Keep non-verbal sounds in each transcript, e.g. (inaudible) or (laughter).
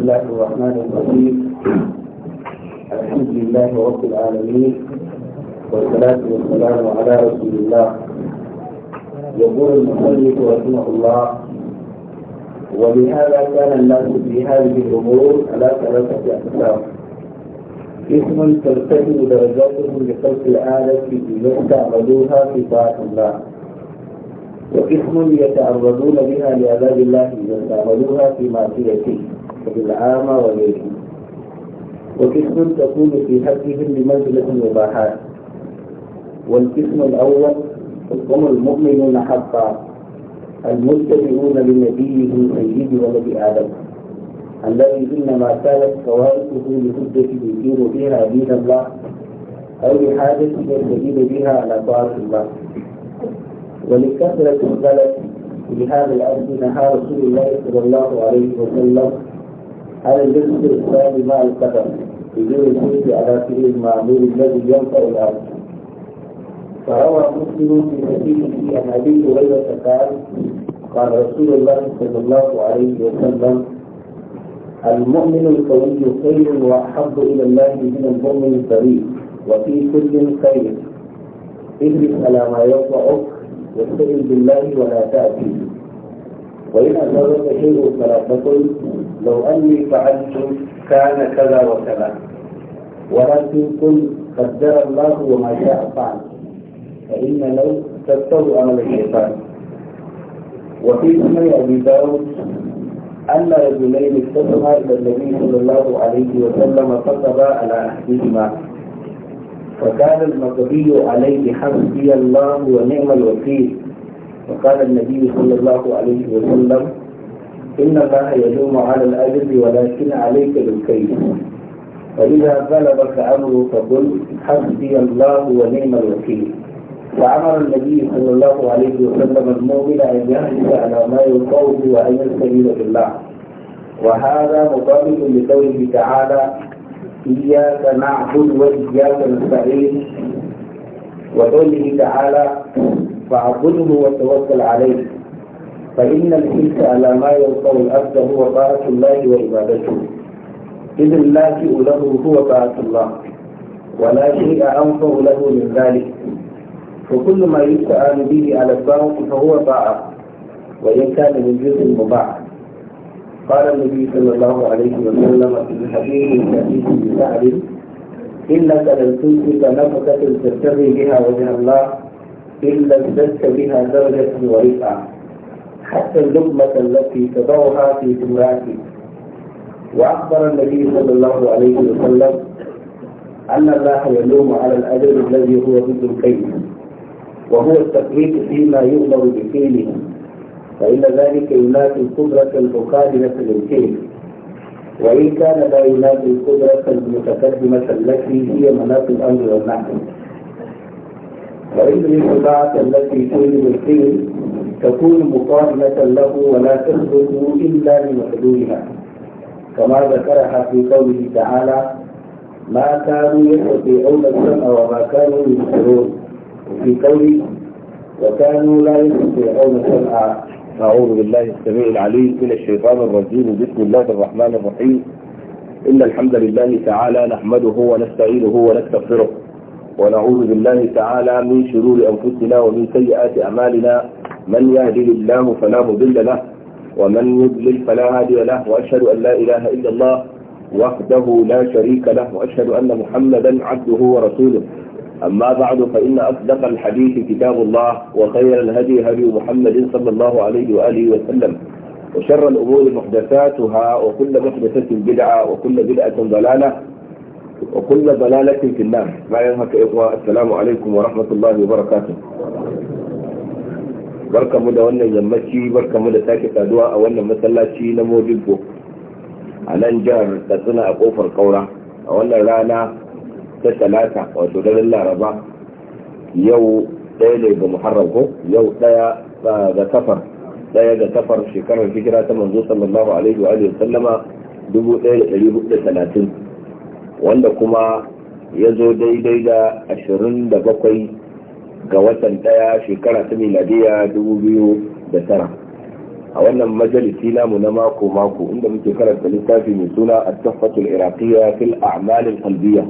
الله الرحمن الرحيم الحمد لله رب العالمين والصلاة والسلام على رسول الله يقول المصلي رحمه الله ولهذا كان الناس في هذه الأمور على ثلاثة أقسام اسم تلتهم درجاتهم لخلق الآلة تعبدوها في طاعة الله واسم يتعرضون بها لعذاب الله استعملوها في معصيته العامة وغيرهم وقسم تكون في حقهم بمنزلة المباحات والقسم الأول هم المؤمنون حقا المتبعون لنبيه سيد ولد آدم الذي إنما كانت فوائده لهدة يثير بها دين الله أو لحاجة يستجيب بها على طاعة الله ولكثرة الغلط في هذا الأمر نهى رسول الله صلى الله عليه وسلم هل الجسد الثاني مع القدم بدون الشيء على سبيل المعمول الذي ينفع الارض فروى مسلم في حديثه عن ابي هريره قال قال رسول الله صلى الله عليه وسلم المؤمن القوي خير واحب الى الله من المؤمن الضرير وفي كل خير اجلس على ما يرفعك واستعن بالله ولا تاتي وان اصابك شيء فلا تقل لو أني فعلت كان كذا وكذا ولكن قل قدر الله وما شاء فعل فإن لو تستوي أمل الشيطان وفي سنة أبي داود أن رجلين اتصلا إلى النبي صلى الله عليه وسلم فطبا على أحدهما فكان المقبي عليه حسبي الله ونعم الوكيل وقال النبي صلى الله عليه وسلم إن الله يدوم على الأدب ولكن عليك بالكيد فإذا بلغك أمره فقل حسبي الله ونعم الوكيل وأمر النبي صلى الله عليه وسلم المؤمن أن يحرص على ما يطوب وأن يستعين بالله وهذا مطابق لقوله تعالى إياك نعبد وإياك نستعين وقوله تعالى فاعبده وتوكل عليه فإن الإنس على ما يلقى العبد هو طاعة الله وعبادته إذ الله له هو طاعة الله ولا شيء أنفع له من ذلك فكل ما يستعان به على الطاعة فهو طاعة وإن كان من جزء مباح قال النبي صلى الله عليه وسلم في الحديث الحديث بسعد إنك لن تمسك نفقة تبتغي بها وجه الله إلا ازددت بها درجة ورفعة حتى اللقمة التي تضعها في امرأتك وأخبر النبي صلى الله عليه وسلم أن الله يلوم على الأدب الذي هو ضد الكيد وهو التفريط فيما يؤمر بفعله فإن ذلك ينافي القدرة المقابلة للكيد وإن كان لا ينافي القدرة المتقدمة التي هي مناط الأمر والنحو وإن الاستطاعة التي تولد الفعل تكون مقارنة له ولا تخرج إلا لمحلولها كما ذكرها في قوله تعالى ما كانوا يستطيعون السمع وما كانوا يبصرون وفي قوله وكانوا لا يستطيعون السمع أعوذ بالله السميع العليم من الشيطان الرجيم بسم الله الرحمن الرحيم إن الحمد لله تعالى نحمده ونستعينه ونستغفره ونعوذ بالله تعالى من شرور أنفسنا ومن سيئات أعمالنا من يهدي الله فلا مضل له ومن يضلل فلا هادي له وأشهد أن لا إله إلا الله وحده لا شريك له وأشهد أن محمدا عبده ورسوله أما بعد فإن أصدق الحديث كتاب الله وخير الهدي هدي محمد صلى الله عليه وآله وسلم وشر الأمور محدثاتها وكل محدثة بدعة وكل بدعة ضلالة وكل ضلالة في النار ما ينهك السلام عليكم ورحمة الله وبركاته barkamu da wannan yammaci barkamu da sake saduwa a wannan masallaci na modibbo a nan jihar katsina a kofar kaura a wannan rana ta talata wato daren laraba yau ɗaya ne ga muharram ko yau ɗaya ga safar ɗaya ga safar shekarar hijira ta manzo sallallahu alaihi wa sallama dubu wanda kuma ya zo daidai da ashirin da bakwai ga watan ɗaya shekara ta miladiya dubu biyu da tara a wannan majalisi namu na mako mako inda muke karanta littafi mai suna at-tuhfatul iraqiyya fil amalin al-qalbiyya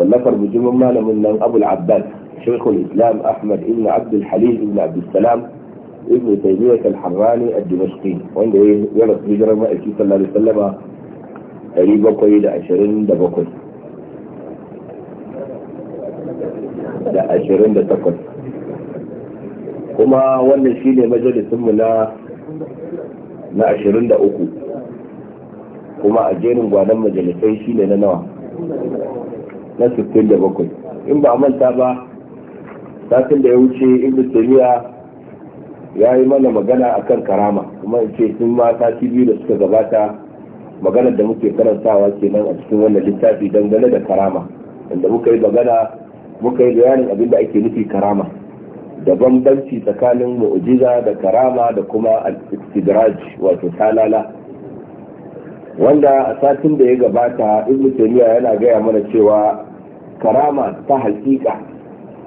wallafar bujumin malamin nan abul abbas shaykhul islam ahmad ibn abd al-halim ibn abd salam ibn taymiyyah al-harrani ad-dimashqi wanda ya rasu hijirar ma'aiki sallallahu alaihi wasallama 727 da ashirin da takwas kuma wannan shi ne majalisunmu na na ashirin da uku kuma a jerin gwanon majalisai shi ne na nawa na sittin da bakwai in ba manta ba satin da ya wuce ibn taymiya ya yi mana magana akan karama kuma in ce sun ma sati biyu da suka gabata maganar da muke karantawa kenan a cikin wannan littafi dangane da karama inda muka yi magana muka yi bayanin abin da ake nufi karama da bambanci tsakanin mu'jiza da karama da kuma al-istidraj wato salala wanda a satin da ya gabata ibnu taymiya yana gaya mana cewa karama ta hakika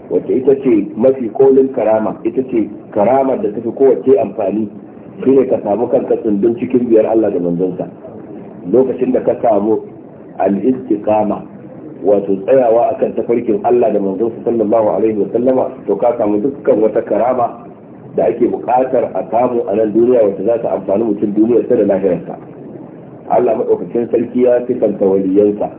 wacce ita ce mafi kolin karama ita ce karama da tafi kowace amfani shine ka samu kanka tsundun cikin biyar Allah da manzonsa lokacin da ka samu al-istiqama wato tsayawa akan tafarkin Allah da manzon sallallahu alaihi wa sallama to ka samu dukkan wata karama da ake bukatar a samu a nan duniya wata za ta amfani mutum duniyar ta da lahirarsa Allah madaukakin sarki ya sifanta waliyansa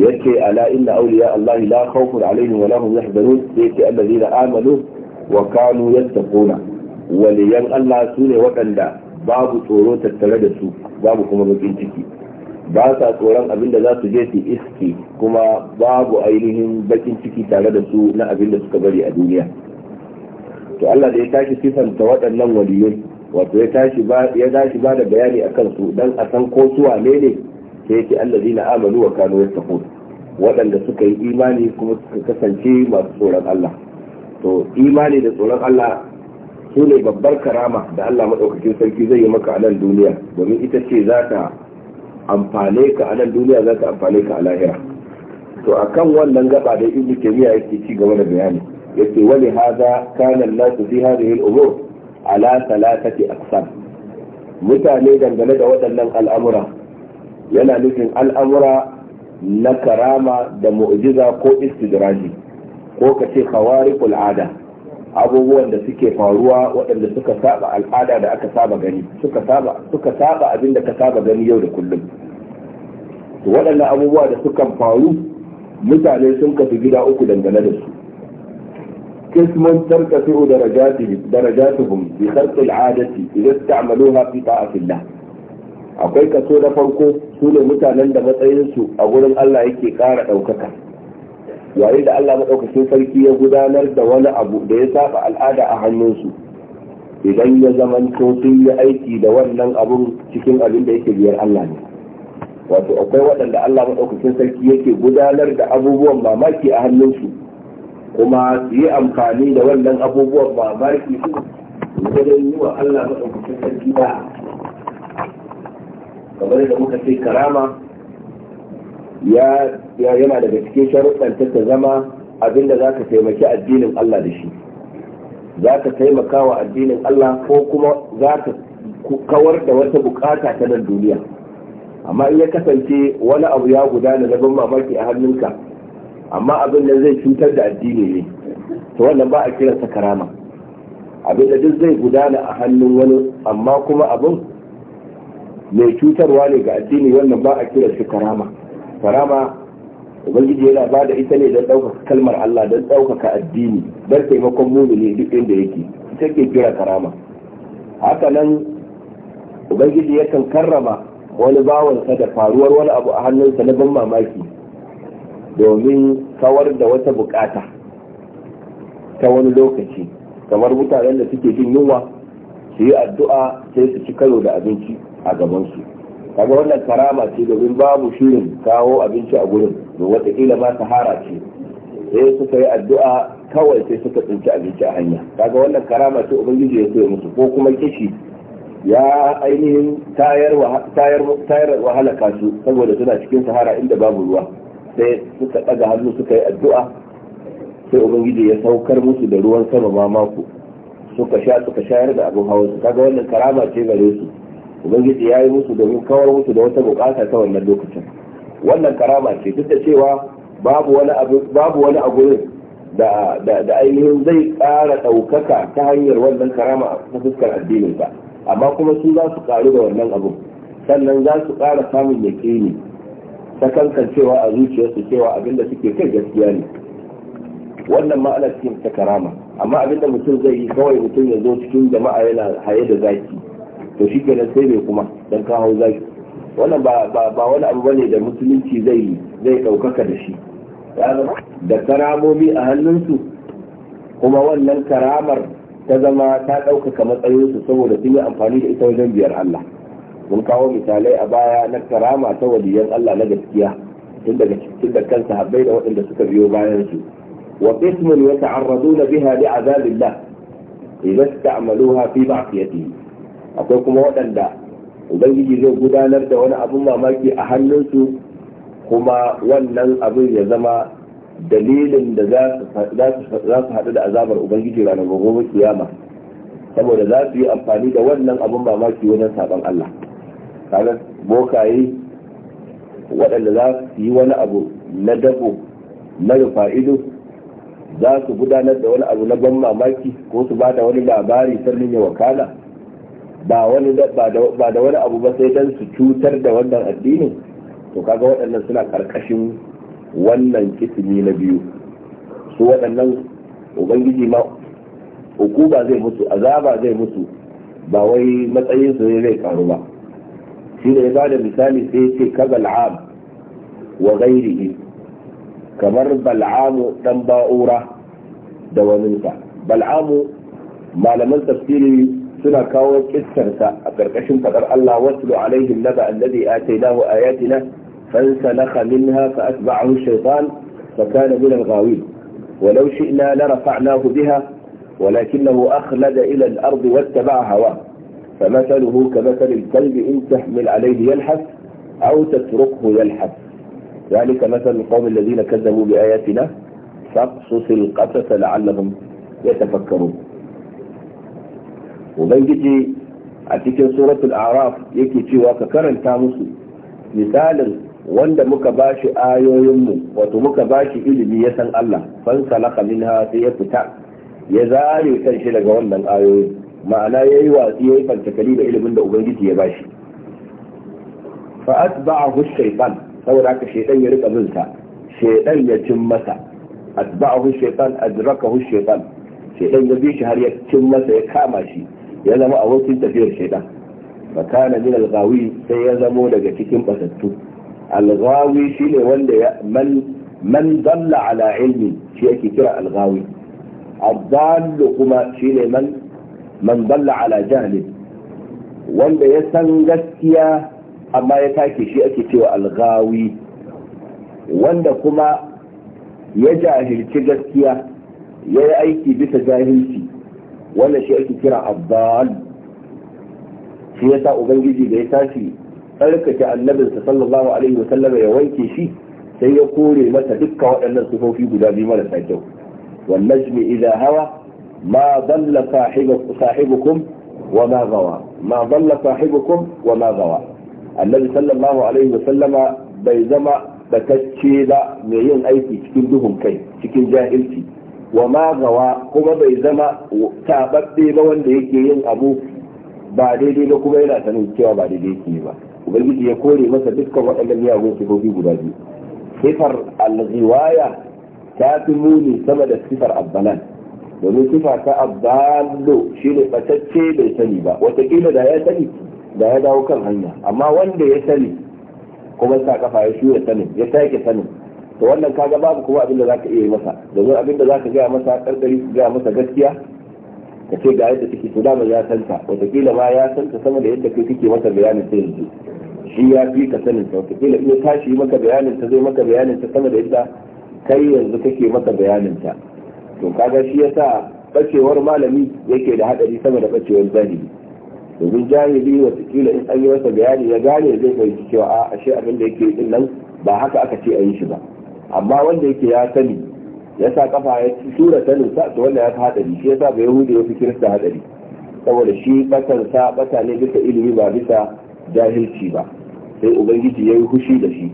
yace ala inna awliya Allah la khawfun alaihim wa la hum yahzanun yace allazina amanu wa kanu yattaquna waliyan Allah sune waɗanda babu tsoro tattare da su babu kuma bakin ciki ba sa tsoron abin da za su je su iske kuma babu ainihin bakin ciki tare da su na abin da suka bari a duniya to Allah da ya tashi sifanta waɗannan waliyai wato ya tashi ba ya tashi ba da bayani akan su dan a san ko su wane ne sai ce allazina amanu wa kanu yattaqun waɗanda suka yi imani kuma suka kasance masu tsoron Allah to imani da tsoron Allah su ne babbar karama da Allah madaukakin sarki zai yi maka a nan duniya domin ita ce za ta amfane ka a nan duniya za ta amfane ka a lahira to akan wannan gaba da ibnu taymiya yake ci gaba da bayani yake wani haza kana an-nasu fi hadhihi al-umur ala thalathati aqsam mutane dangane da waɗannan al'amura yana nufin al'amura na karama da mu'jiza ko istidraji ko ka ce khawariqul ada abubuwan da suke faruwa waɗanda suka saba al'ada da aka saba gani suka saba suka saba abin da ka saba gani yau da kullum Waɗanne waɗannan abubuwa da suka faru mutane sun kafi gida uku dangane da su قسم ترتفع درجاتهم درجاتهم بخلق العادة إذا استعملوها في طاعة الله akwai kaso na farko su ne mutanen da matsayinsu a wurin Allah yake ƙara ɗaukaka yayin da Allah maɗaukacin sarki ya gudanar da wani abu da ya saba al'ada a hannunsu idan ya zamanto sun yi aiki da wannan abun cikin abin da yake biyar Allah ne wato akwai waɗanda Allah maɗaukakin sarki yake gudanar da abubuwan mamaki a hannunsu kuma su yi amfani da wannan abubuwan mamaki su, wajen yi wa Allah maɗaukakin sarki da kamar da muka ce karama ya yana daga cikin sharuɗan ta zama abinda za ka taimaki addinin Allah da shi za ka taimaka wa addinin Allah ko kuma za ka kawar da wata bukata ta nan duniya amma in ya kasance wani abu ya gudana na ban mamaki a hannunka amma abin da zai cutar da addini ne to wannan ba a kiransa karama abin da duk zai gudana a hannun wani amma kuma abin mai cutarwa ne ga addini wannan ba a kiran shi karama karama ubangiji yana ba da ita ne don ɗaukaka kalmar Allah don ɗaukaka addini don taimakon mumini duk inda yake ita ke kira karama haka nan ubangiji yakan karrama wani bawansa da faruwar wani abu a hannunsa na ban mamaki domin kawar da wata bukata ta wani lokaci kamar mutanen da suke jin yunwa su yi addu'a sai su ci karo da abinci a gabansu kaga wannan karama ce domin babu shirin kawo abinci a gurin da watakila ma sahara ce sai suka yi addu'a kawai sai suka tsinci abinci a hanya kaga wannan karama ce ubangiji ya so musu ko kuma kishi ya ainihin tayar wa halaka su saboda suna cikin sahara inda babu ruwa sai suka ɗaga hannu suka yi addu'a sai ubangiji ya saukar musu da ruwan sama ma mako suka sha suka shayar da abin hawa su kaga wannan karama ce gare su ubangiji ya yi musu domin kawar musu da wata bukata ta wannan lokacin wannan karama ce duk da cewa babu wani abu babu wani abu da da ainihin zai ƙara ɗaukaka ta hanyar wannan karama ta fuskar addinin ba amma kuma su za su karu da wannan abu sannan za su kara samun ta kankan cewa a zuciyarsu cewa abinda suke kai gaskiya ne wannan ma ana cikin ta karama amma abinda mutum zai yi kawai mutum ya zo cikin jama'a yana haye da zaki to shi kenan sai bai kuma dan kawo zaki wannan ba wani abu bane da musulunci zai yi zai daukaka da shi da karamomi a hannunsu kuma wannan karamar ta zama ta ɗaukaka matsayinsu saboda sun yi amfani da ita wajen biyar Allah mun kawo misalai a baya na karama ta waliyan Allah na gaskiya tun daga cikin da kansa habbai da waɗanda suka biyo bayan su wa qismun yata'arraduna biha li'azabillah idza ista'maluha fi ba'siyatihi akwai kuma waɗanda ubangiji zai gudanar da wani abun mamaki a hannunsu kuma wannan abin ya zama dalilin da za su haɗu da azabar ubangiji ranar gobe kiyama saboda za su yi amfani da wannan abin mamaki wajen saban Allah kaga bokaye waɗanda za su yi wani abu na dabo na rufa ido za su gudanar da wani abu na ban mamaki ko su ba da wani labari sannan ya wakala ba da wani abu ba sai dan su cutar da wannan addinin to kaga waɗannan suna karkashin wannan kitimi na biyu su waɗannan ubangiji ma uku ba zai mutu azaba zai mutu ba wai matsayin su ne zai karu ba shi ne ba da misali sai ce ka bal'am wa gairihi kamar bal'amu dan ba'ura da waninsa bal'amu malaman tafsiri suna kawo kissarsa a ƙarƙashin faɗar Allah wasu alaihim naba alladhi atainahu ayatina فانسلخ منها فأتبعه الشيطان فكان من الغاوين ولو شئنا لرفعناه بها ولكنه أخلد إلى الأرض واتبع هواه فمثله كمثل الكلب إن تحمل عليه يلحف أو تتركه يلحف ذلك مثل القوم الذين كذبوا بآياتنا فاقصص القصص لعلهم يتفكرون وبنجي a cikin سوره الاعراف yake cewa ka مثالا wanda muka ba shi ayoyinmu wato muka ba shi ilimi ya san Allah fan salaka minha sai ya fita ya zare shi daga wannan ayoyi ma'ana yayi watsi yayi fantakali da ilimin da ubangiji ya bashi fa atba'ahu shaytan saboda haka shaytan ya rika bin sa shaytan ya cin masa atba'ahu shaytan adrakahu shaytan shaytan ya bi shi har ya cin masa ya kama shi ya zama abokin tafiyar shaytan fa kana min al sai ya zamo daga cikin basattu alghawi shine wanda ya man man dalla ala ilmi shi yake kira alghawi adall kuma shine man man dalla ala jahli wanda ya san gaskiya amma ya take shi ake cewa alghawi wanda kuma ya jahilci gaskiya ya yi aiki bisa jahilci wanda shi ake kira abdal shi yasa ubangiji da ya tashi tsarkake annabinsa sallallahu alaihi wasallam ya wanke shi sai ya kore masa dukkan waɗannan sufofi guda biyu marasa kyau wan najmi idza hawa ma dalla sahibukum wa ma gawa ma dalla sahibukum wa ma gawa annabi sallallahu alaihi wasallama bai zama batacce ba mai yin aiki cikin duhun kai cikin jahilci wa ma gawa kuma bai zama tababbe ba wanda yake yin abu ba daidai ba kuma yana sanin cewa ba daidai yake ba ubangiji ya kore masa dukkan waɗannan miyagun sifofi guda biyu sifar alriwaya ta fi muni sama da sifar abbalan domin sifa ta abballo shi ne batacce bai sani ba watakila da ya sani da ya dawo kan hanya amma wanda ya sani kuma sa kafa ya shura sanin ya take sanin to wannan kaga babu kuma abin da zaka iya yi masa domin abin da zaka gaya masa karkari gaya masa gaskiya ka ce ga yadda take to dama ya santa wataƙila ma ya santa sama da yadda kai kake masa bayanin ta yanzu shi ya fi ka sanin ta wataƙila iya tashi maka bayanin ta zai maka bayanin ta sama da yadda kai yanzu kake masa bayanin ta to kaga shi yasa bacewar malami yake da hadari sama da bacewar zahiri domin jahili wataƙila in an yi masa bayani ya gane zai fahimci cewa a ashe abin da yake din nan ba haka aka ce a yi shi ba amma wanda yake ya sani ya sa kafa ya ci tura ta nusa to wanda ya fi hadari shi ya sa ba yahudi ya fi kirista hadari saboda shi batansa bata ne bisa ilimi ba bisa jahilci ba sai ubangiji ya yi hushi da shi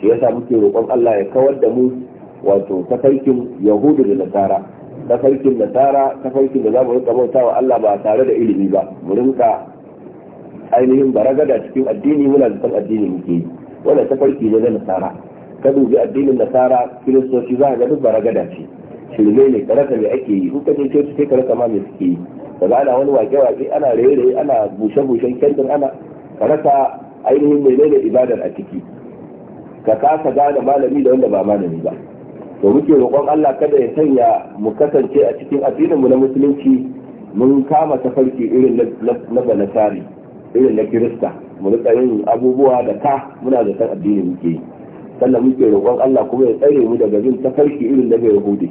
shi ya sa muke roƙon allah ya kawar da mu wato tafarkin yahudu da nasara tafarkin nasara tafarkin da za mu rinka bauta wa allah ba tare da ilimi ba mu rinka ainihin baragada cikin addini muna da san addini muke yi wanda tafarki ne na nasara ka dubi addinin nasara kiristoci za a ga duk gada ce shirme ne ta me ake yi kuka je coci sai karasa ma me suke yi daga ana wani wake-wake ana raye-raye ana bushe-bushen kendir ana karasa ainihin menene ibadar a ciki ka kasa gane malami da wanda ba malami ba to muke roƙon Allah kada ya sanya mu kasance a cikin addininmu na musulunci mun kama ta farki irin na banasari irin na kirista mu rika yin abubuwa da ka muna zaton addinin muke yi sannan muke roƙon Allah kuma ya tsare mu daga bin tafarki irin da bai yahudi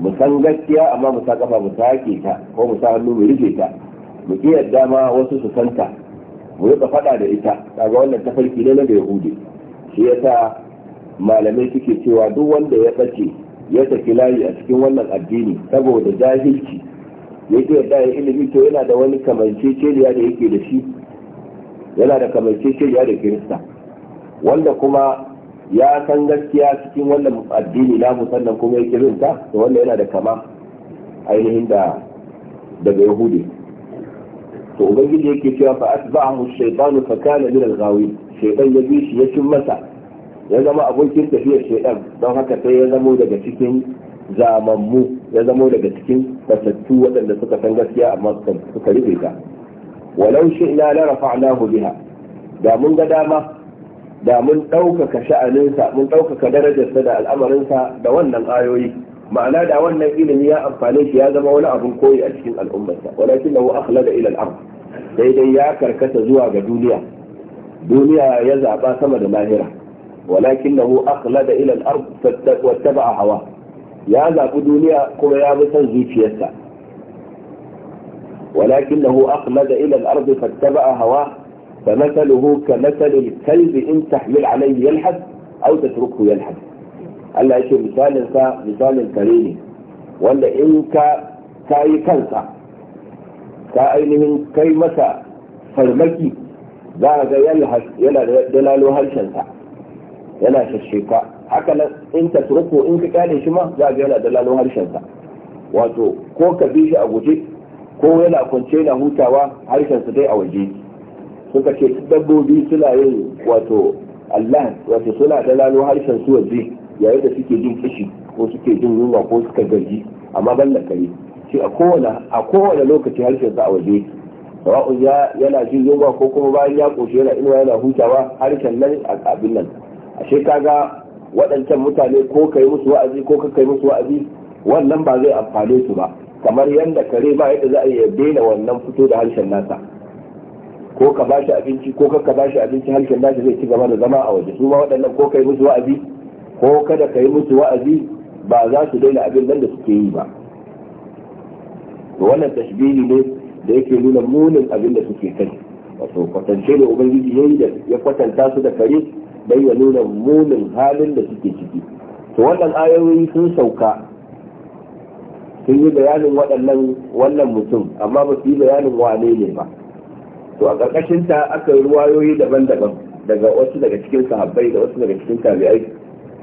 mu san gaskiya amma mu sa kafa mu sake ta ko mu sa hannu mu rufe ta mu ki yadda ma wasu su santa mu rika faɗa da ita kaga wannan tafarki ne na bai yahudi shi yasa malamai suke cewa duk wanda ya bace ya tafi layi a cikin wannan addini saboda jahilci ke yadda ya ilimi to yana da wani kamanceceniya da yake da shi yana da kamanceceniya da kirista wanda kuma ya san gaskiya cikin wannan addini na kuma ya bin ta to wannan yana da kama ainihin da daga yahudi to ubangiji yake cewa fa asba'ahu shaytanu fa kana min al ghawi shaytan ya bi shi ya cin masa ya zama abokin tafiyar shaytan don haka sai ya zamo daga cikin zamammu ya zama daga cikin fasattu waɗanda suka san gaskiya amma suka rufe ta walau shi'na la rafa'nahu biha da mun ga dama da mun ɗaukaka sha'aninsa mun ɗaukaka darajarsa da al'amarinsa da wannan ayoyi ma'ana da wannan ilimi ya amfane shi ya zama wani abin koyi a cikin al'ummarsa walakin lahu akhlada ila al-ard daidai ya karkata zuwa ga duniya duniya ya zaba sama da lahira walakin lahu akhlada ila al-ard fattaba hawa ya zabi duniya kuma ya bi son zuciyarsa walakin lahu akhlada ila al-ard fattaba hawa فمثله كمثل الكلب إن تحمل عليه يلحد أو تتركه يلحد Allah yake misalin misalin kare ne wanda in ka kayi kansa ka ainihin kai masa farmaki za a ga yana da dalalo harshensa yana shasheka haka in ta turko in ka kyale shi ma za a ga yana dalalo harshensa wato ko ka bi shi a guje ko yana kwance na hutawa harshensa dai a waje suka ce dabbobi suna yin wato Allah wato suna da harshen su waje yayin da suke jin kishi ko suke jin yunwa ko suka gaji amma ban da kare shi a kowane a kowane lokaci harshen su a waje sawa'un ya yana jin yunwa ko kuma bayan ya koshi yana inuwa yana hutawa harshen nan a abin nan ashe kaga waɗancan mutane ko kai musu wa'azi ko ka kai musu wa'azi wannan ba zai amfane su ba kamar yadda kare ba yadda za a iya daina wannan fito da harshen nasa ko ka shi abinci ko ka shi abinci harshen nashi zai ci gaba da zama a waje su ma waɗannan ko kai musu wa'azi ko kada kai musu wa'azi ba za su daina abin nan da suke yi ba wannan tashbihi ne da yake nuna munin abin da suke kai wato kwatance da ubangiji yayi da ya kwatanta su da kare don ya nuna munin halin da suke ciki to wannan ayoyi sun sauka sun yi bayanin waɗannan wannan mutum amma ba su yi bayanin wane ne ba to a ƙarƙashinta ta aka yi ruwayoyi daban-daban daga wasu daga cikin sahabbai da wasu daga cikin tabi'ai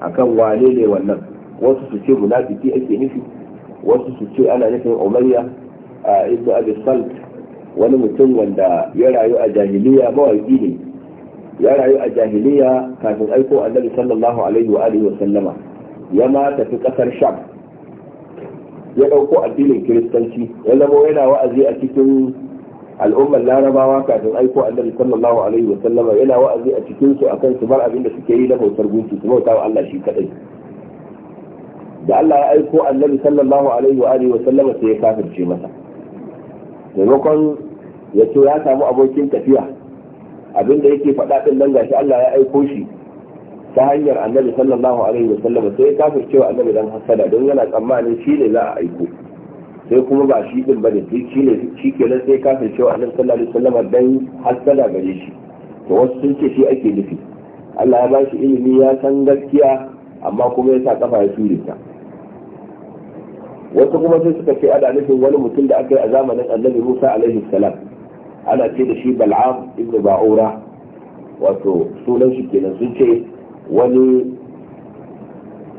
akan wane ne wannan wasu su ce munafiki ake nufi wasu su ce ana nufin umayya a ibnu abi salt wani mutum wanda ya rayu a jahiliya mawaki ne ya rayu a jahiliya kafin aiko annabi sallallahu alaihi wa alihi wa sallama ya ma tafi kasar sham ya dauko addinin kiristanci ya zama yana wa'azi a cikin al'ummar larabawa kafin aiko annabi sallallahu alaihi wa sallama yana wa'azi a cikin su akan su bar abin da suke yi na bautar gunki su bauta wa Allah shi kadai da Allah ya aiko annabi sallallahu alaihi wa alihi wa sallama sai ya kafirce masa maimakon ya ce ya samu abokin tafiya abin da yake faɗa din nan gashi Allah ya aiko shi ta hanyar annabi sallallahu alaihi wa sallama sai ya kafirce wa annabi dan hasada don yana tsammanin shi ne za a aiko sai kuma ba shi din bane duk shi ne shi nan sai kafin cewa annabi sallallahu alaihi wasallam dan hasala gare shi to wasu sun ce shi ake nufi Allah ya ba shi ilimi ya san gaskiya amma kuma ya sa kafa ya shure ta wasu kuma sai suka ce ana nufin wani mutum da aka yi a zamanin annabi Musa alaihi salam ana ce da shi Bal'am ibn Ba'ura wato sunan shi kenan sun ce wani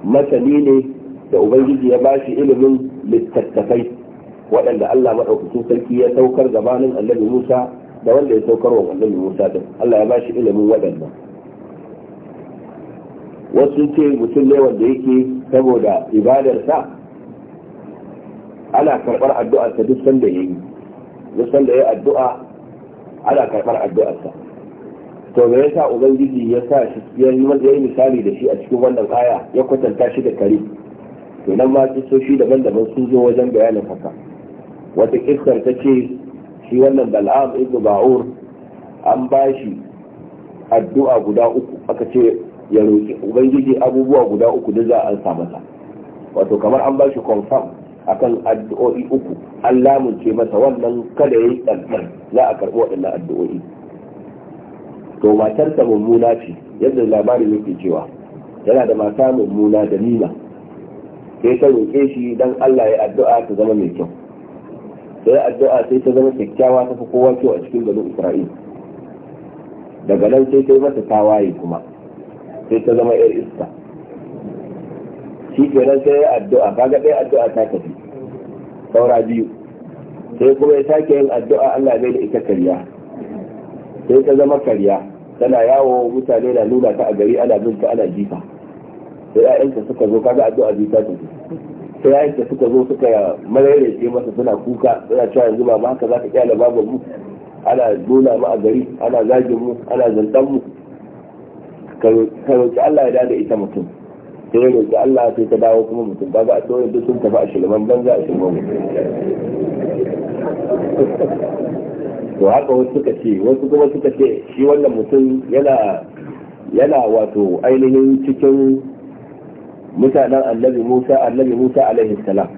masani ne da ubangiji ya bashi ilimin littattafai waɗanda Allah maɗaukakin sarki ya saukar gabanin annabi Musa da wanda ya saukar wa annabi Musa din Allah ya bashi ilimin waɗannan wasu ce mutum ne wanda yake saboda ibadarsa ana karɓar addu'arsa duk sanda ya yi duk sanda ya addu'a ana karɓar addu'arsa to me yasa ubangiji ya sa shi ya yi misali da shi a cikin wannan aya ya kwatanta shi da kare to nan ma su daban-daban sun zo wajen bayanin haka wata kissar ta ce shi wannan bal'am ibnu ba'ur an ba shi addu'a guda uku aka ce ya roƙi ubangiji abubuwa guda uku da za a sa masa wato kamar an ba shi confirm akan addu'o'i uku an lamunce masa wannan kada ya yi ɗanɗan za a karɓi waɗannan addu'o'i to matarsa mummuna ce yadda labarin yake cewa yana da mata mummuna da nima sai ta roƙe shi don Allah ya addu'a ta zama mai kyau sai addu'a sai ta zama kyakkyawa ta fi kowa kyau a cikin garin isra'ila daga nan sai ta yi mata tawaye kuma sai ta zama yar iska shi kenan sai ya addu'a kaga ɗaya addu'a ta tafi saura biyu sai kuma ya sake yin addu'a Allah bai da ita karya sai ta zama karya tana yawo mutane na nuna ta a gari ana bin ta ana jifa sai ya'yanta suka zo kaga addu'a biyu ta tafi ta yayin da suka zo suka mararece masa suna kuka suna cewa yanzu ba haka za ka da babu mu ana nuna mu a gari ana zagin mu ana zantan mu ka roƙi Allah ya dada ita mutum sai ya roƙi Allah sai ta dawo kuma mutum ba za a tsoron duk sun tafi a shirman banza a shirman (laughs) to haka wasu suka ce wasu kuma suka ce shi wannan mutum yana yana wato ainihin cikin mutanen annabi Musa annabi Musa alaihi salam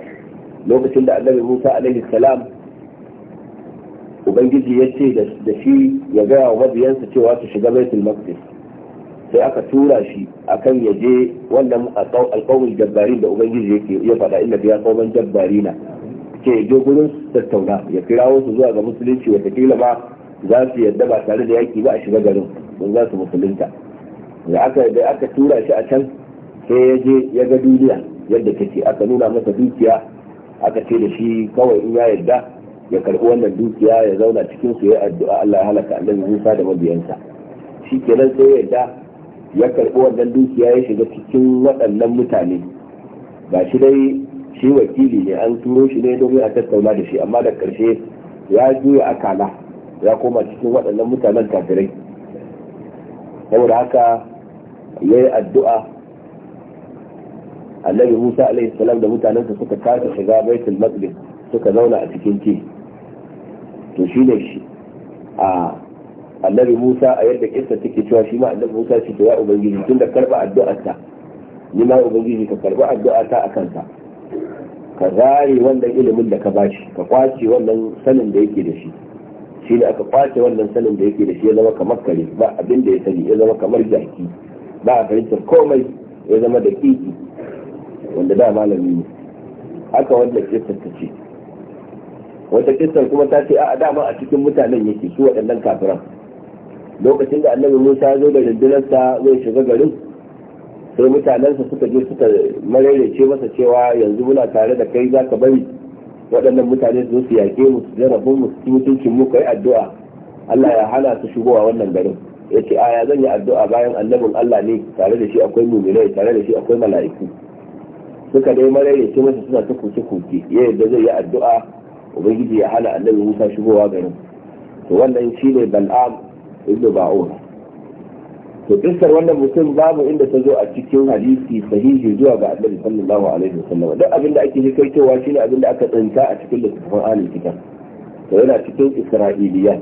lokacin da annabi Musa alaihi salam ubangiji ya ce da shi ya gaya wa mabiyansa cewa su shiga baitul maqdis sai aka tura shi akan ya je wannan alƙawmin jabbari da ubangiji yake ya faɗa inda ya qawman jabbarina ke je gurin tattauna ya kirawo su zuwa ga musulunci wataƙila ba za su yadda ba tare da yaki ba a shiga garin don za su musulunta da aka tura shi a can sai ya je ya ga duniya yadda ce aka nuna masa dukiya aka ce da shi kawai in ya yarda ya karɓi wannan dukiya ya zauna cikin su ya addu'a Allah ya halaka annabi Musa da mabiyansa shi kenan sai ya yarda ya karɓi wannan dukiya ya shiga cikin waɗannan mutane ba shi dai shi wakili ne an turo shi ne domin a tattauna da shi amma da ƙarshe ya juya akala ya koma cikin waɗannan mutanen kafirai saboda haka ya yi addu'a annabi Musa alaihi salam da mutanensa suka kasa shiga baitul maqdis suka zauna a cikin ci to shi ne shi a annabi Musa a yadda kissa take cewa shi ma annabi Musa shi ya ubangiji tun da karba addu'arsa ni ma ubangiji ka karba ta a ta ka zari wannan ilimin da ka bashi ka kwace wannan sanin da yake da shi shi ne aka kwace wannan sanin da yake da shi ya zama kamar kare ba abin da ya sani ya zama kamar jaki ba a fahimtar komai ya zama da kiki wanda da malami ne haka wanda kisar ta ce wata kisar kuma ta ce a dama a cikin mutanen yake su waɗannan kafiran lokacin da annabi musa zo da rundunarsa zai shiga garin sai mutanensa suka je suka mararece masa cewa yanzu muna tare da kai za ka bari waɗannan mutane su su yaƙe mu su jarabin mu su mutuncin mu yi addu'a Allah ya hana su shigowa wannan garin ya ce aya zan yi addu'a bayan annabin Allah ne tare da shi akwai muminai tare da shi akwai mala'iku suka dai mararece masa suna ta koke koke ya yadda zai yi addu'a ubangiji ya hana annabi musa shigowa garin to wannan ne bal'am ibnu ba'ur to kissar wannan mutum babu inda ta zo a cikin hadisi sahihi zuwa ga annabi sallallahu alaihi wasallam duk abin da ake hikaitowa shine abin da aka tsinta a cikin littafin ahlul kitab to yana cikin isra'iliyat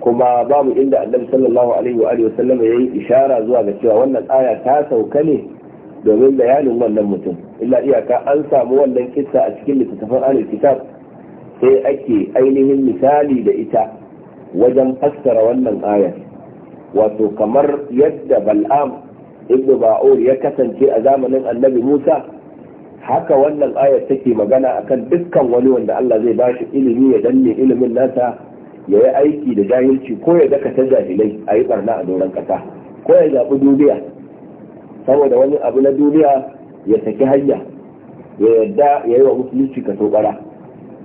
kuma babu inda annabi sallallahu alaihi wa alihi wasallam yayi ishara zuwa ga cewa wannan aya ta sauka ne domin bayanin wannan mutum illa iyaka an samu wannan kissa a cikin littattafan ahlul kitab sai ake ainihin misali da ita wajen fassara wannan ayar wato kamar yadda bal'am ibnu ba'ur ya kasance a zamanin annabi musa haka wannan ayar take magana akan dukkan wani wanda Allah zai bashi ilimi ya danne ilimin nasa ya yi aiki da jahilci ko ya daka ta jahilai a yi barna a doron kasa ko ya zaɓi duniya saboda wani abu na duniya ya saki hanya ya yarda ya yi wa musulunci ka tobara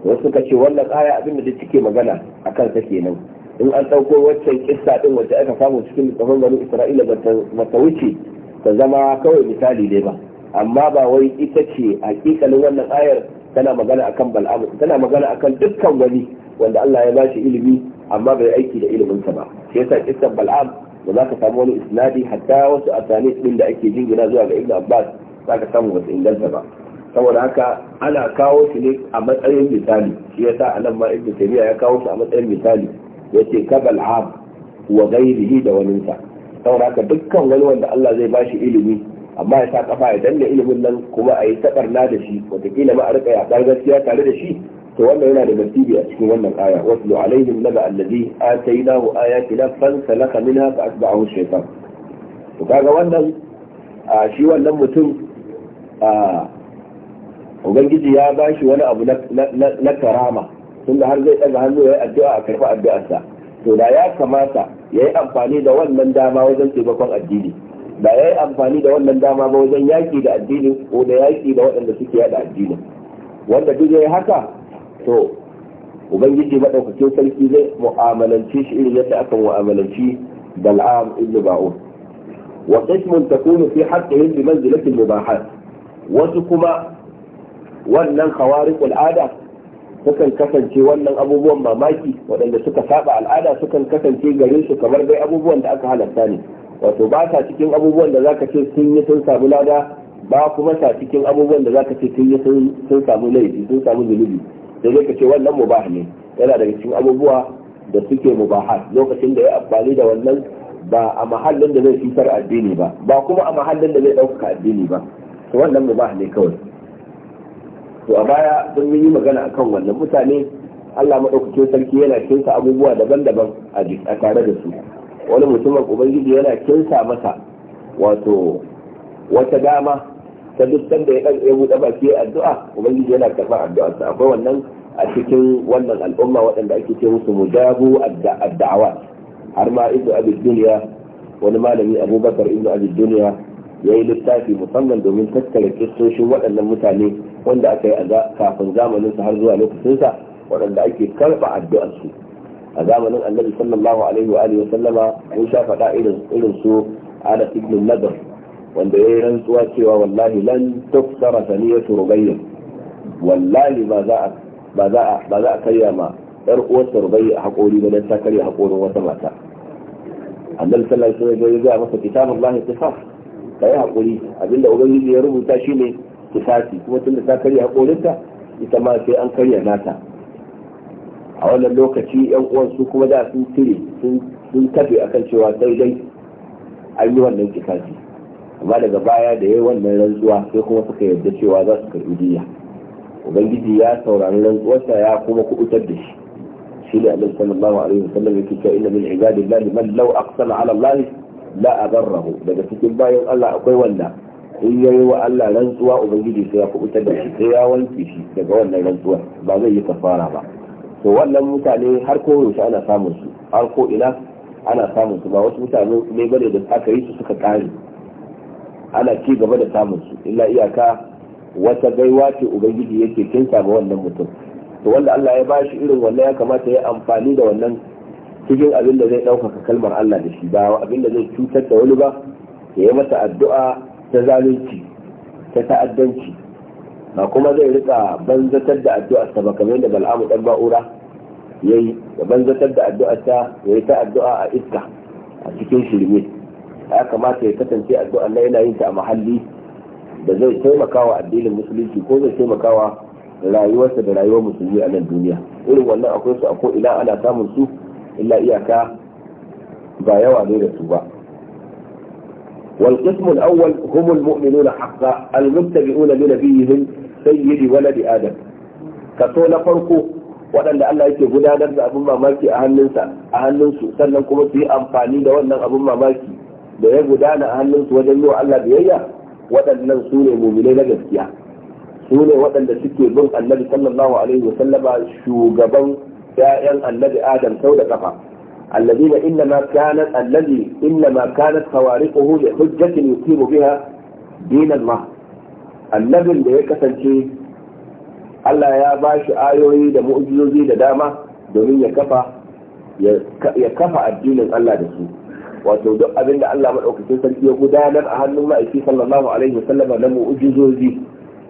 wasu suka ce wannan aya abin da cike magana a kansa kenan in an ɗauko waccan kissa ɗin wacce aka samu cikin littafin banu isra'ila ba ta wuce ta zama kawai misali ne ba amma ba wai ita ce hakikalin wannan ayar tana magana akan bal'amu tana magana akan dukkan wani wanda Allah ya bashi ilimi amma bai aiki da iliminsa ba shi yasa kissan bal'am ba za ka samu wani isnadi hatta wasu asani din da ake jingina zuwa ga ibnu abbas za ka samu wasu inganta ba saboda haka ana kawo shi ne a matsayin misali shi yasa anan ma ibnu taymiya ya kawo shi a matsayin misali yace kabal ab wa ghairihi da wani sa saboda haka dukkan wani wanda Allah zai bashi ilimi amma ya sa kafa ya danne ilimin nan kuma a yi taɓarna da shi kila ma a rika yaƙar gaskiya tare da shi to wannan yana da nasibi a cikin wannan aya wasu alaihim laba allazi la ayatina salaka minha fa asba'ahu shaytan to kaga wannan shi wannan mutum ubangiji ya bashi wani abu na karama tunda har zai daga hannu yayi addu'a a karba addu'arsa to da ya kamata yayi amfani da wannan dama wajen taimakon addini da yayi amfani da wannan dama ba wajen yaki da addini ko da yaki da waɗanda suke yada addini wanda duk yayi haka to ubangiji madaukakin sarki zai mu'amalanci shi irin yadda aka mu'amalanci bal'am ibn ba'un wa qismun takunu fi haqqihim bi manzilati mubahat wasu kuma wannan khawariqul al'ada sukan kasance wannan abubuwan mamaki waɗanda suka saba al'ada sukan kasance garin su kamar dai abubuwan da aka halatta ne wato ba sa cikin abubuwan da zaka ce sun yi sun samu lada ba kuma sa cikin abubuwan da zaka ce sun yi sun samu laifi sun samu zunubi da zai ka ce wannan mubah ne yana daga cikin abubuwa da suke mubaha lokacin da ya amfani da wannan ba a mahallin da zai fitar addini ba ba kuma a mahallin da zai ɗaukaka addini ba to wannan mubah ne kawai to a baya sun yi magana akan wannan mutane Allah maɗaukacin sarki yana kinsa abubuwa daban-daban a tare da su wani mutumin ubangiji yana kinsa masa wato wata dama ta duk sanda ya dan ya buɗe baki ya addu'a ubangiji yana karɓar sa akwai wannan a cikin wannan al'umma waɗanda ake ce musu mujabu ad-da'awat har ma ibnu dunya wani malami abubakar ibnu abi dunya ya yi littafi musamman domin tattara kistoshin waɗannan mutane wanda aka yi kafin zamaninsa har zuwa lokacinsa waɗanda ake karɓa addu'arsu a zamanin annabi sallallahu alaihi wa alihi wa sallama mun sha faɗa irin su ala ibn wanda ya yi rantsuwa cewa wallahi lan tuftara saniyatu rubayyin wallahi ba za a ba za a karya ma yar uwarsa rubayyi a haƙori ba don ta karya haƙorin wata mata annabi sallallahu alaihi wasallam ya ga masa kitabullahi qisas kai haƙuri abinda ubangiji ya rubuta shine kisasi kuma tunda ta karya haƙorinta ita ma sai an karya nata a wannan lokaci yan uwan su kuma da sun cire sun kafe akan cewa sai dai an yi wannan kisasi amma daga baya da yayi wannan rantsuwa sai kuma suka yarda cewa za su karbi diya ubangiji ya saurari rantsuwarsa ya kuma kubutar da shi shi ne annabi sallallahu alaihi wasallam yake cewa inna min ibadillahi man law aqsama ala allah la adarrahu daga cikin bayan Allah akwai wanda in yayi wa Allah rantsuwa ubangiji sai ya kubutar da shi sai ya wanke shi daga wannan rantsuwa ba zai yi kafara ba to wannan mutane har ko yaushe ana samun su har ko ina ana samun su ba wasu mutane ne bane da aka yi su suka kare ana ci gaba da samun su illa iyaka wata gaiwa ce ubangiji yake kinsa ga wannan mutum to wanda Allah ya bashi irin wannan ya kamata ya amfani da wannan cikin abin da zai ɗaukaka kalmar Allah da shi ba abin da zai cutar da wani ba ya yi masa addu'a ta zalunci ta ta'addanci ba kuma zai rika banzatar da addu'a ta ba kamar da bal'amu dan ba'ura yayi banzatar da addu'ar ta yayi ta addu'a a iska a cikin shirme ya kamata ya kasance addu'a na yana yin ta a mahalli da zai taimakawa addinin musulunci ko zai taimakawa rayuwarsa da rayuwar musulmi a nan duniya irin wannan akwai su a ko ina ana samun su illa iyaka ba yawa ne da su ba والقسم الأول هم المؤمنون حقا المتبعون لنبيهم سيد ولد آدم كسو نفرقو waɗanda Allah yake gudanar da abin mamaki a أهل a hannunsu sannan kuma su yi amfani da wannan abin mamaki da ya gudana a hannunsu wajen yi wa Allah biyayya waɗannan su ne muminai na gaskiya su ne waɗanda suke bin annabi sallallahu alaihi wasallama shugaban ya'yan annabi adam sau da kafa الذين انما كانت الذي انما كانت خوارقه لحجة يقيم بها دين الله annabin da ya kasance Allah ya ba shi ayoyi da mu'ujizozi da dama domin ya kafa ya kafa addinin Allah da su wato duk abin da Allah madaukakin sarki ya gudanar a hannun ma'aiki sallallahu alaihi wasallam na mu'ujizozi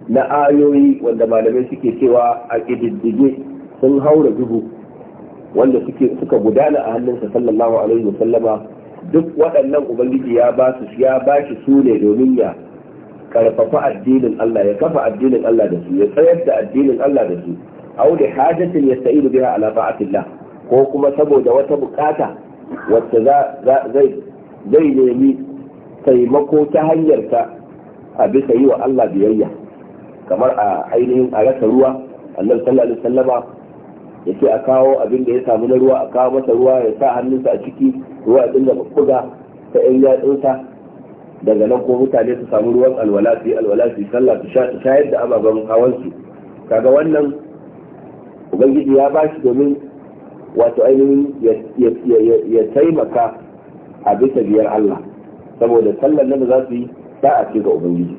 na ayoyi wanda malamai suke cewa a ƙididdige sun haura dubu wanda suke suka gudana a hannunsa sallallahu alaihi wasallama duk waɗannan ubangiji ya ba su ya ba shi su ne domin ya karfafa addinin Allah ya kafa addinin Allah da su ya tsayar da addinin Allah da su aw li hajatin yasta'idu biha ala ba'atillah ko kuma saboda wata bukata wacce zai nemi taimako ta hanyarta a bisa yi wa Allah biyayya kamar a ainihin a rasa ruwa annabi sallallahu alaihi ya ce a kawo abin da ya samu na ruwa a kawo masa ruwa ya sa hannunsa a ciki ruwa ya dinga buga ta yan yatsunsa daga nan ko mutane su samu ruwan alwala su yi alwala su yi sallah su shayar da ababen hawansu kaga wannan ubangiji ya bashi domin wato ainihin ya taimaka a bisa biyar Allah saboda sallar nan da za su yi sa'a ce ga ubangiji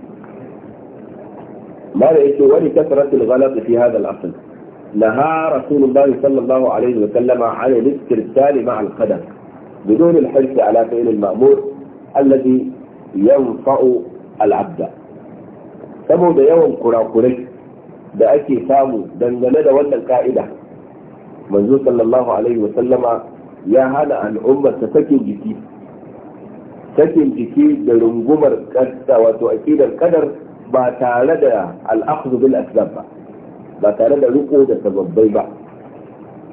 mara yake wani kasaratul su fi hadha al-asl نهى رسول الله صلى الله عليه وسلم عن الاسترسال مع القدم بدون الحرص على فعل المأمور الذي ينفع العبد saboda yawan kurakurai da ake samu dangane da wannan ka'ida manzo sallallahu alaihi wa sallama ya hana al'ummar ta sakin jiki sakin jiki da rungumar kadda wato akidar kadar ba tare da al'akhdhu bil asbab ba ba tare da riko da sababbai ba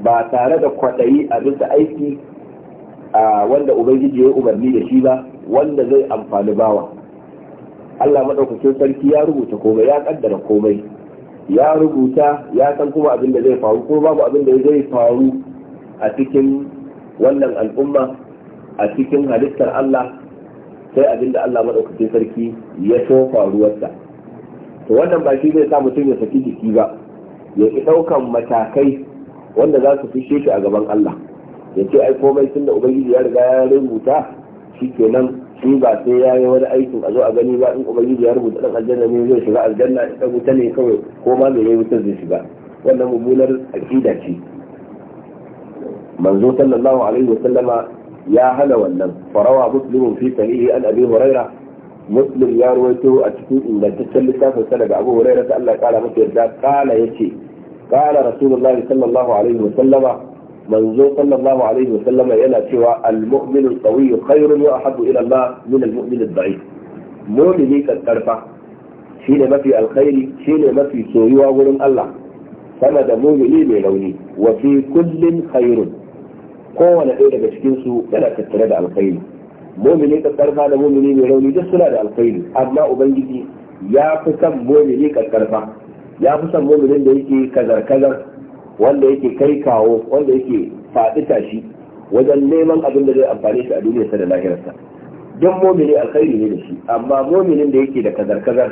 ba tare da kwadayi a bisa aiki wanda ubangiji ya umarni da shi ba wanda zai amfani bawa Allah madaukakin sarki ya rubuta komai ya kaddara komai ya rubuta ya san kuma abin da zai faru ko babu abin da zai faru a cikin wannan al'umma a cikin halittar Allah sai abin da Allah maɗaukacin sarki ya so faruwarsa to wannan ba shi zai sa mutum ya saki jiki ba ya ki ɗaukan matakai wanda za su fi shi a gaban Allah ya ce ai komai tun da Ubangiji ya riga ya rubuta shikenan shi ba sai ya yi wani aikin a zo a gani ba in ubangiji ya rubuta dan aljanna ne zai shiga aljanna in dan wuta ne kawai ko ma me ne wutar zai shiga wannan mummunar aqida ce manzo sallallahu alaihi wa sallama ya hana wannan farawa muslimun fi sahihi an abi huraira muslim ya rawaito a cikin ingantaccen littafin sa daga abu huraira ta Allah ya kara masa yarda kala yace kala rasulullahi sallallahu alaihi wa sallama manzo sallallahu alaihi wasallam yana cewa al-mu'min al-qawi khairun wa ahabbu ila Allah min al-mu'min al-da'if mu'mini karfa shine mafi alkhairi shine mafi soyuwa wurin Allah sama da mu'mini mai rauni wa fi kullin khairun kowane ɗaya daga cikin su yana tattare da alkhairi mu'mini karfa da mu'mini mai rauni duk suna da alkhairi amma ubangiji ya fi san mu'mini karfa ya fi san mu'minin da yake kazar kazar wanda yake kai kawo wanda yake faɗi tashi wajen neman abin da zai amfani shi a duniyarsa da lahirarsa duk momini alkhairi ne da shi amma mominin da yake da kazar-kazar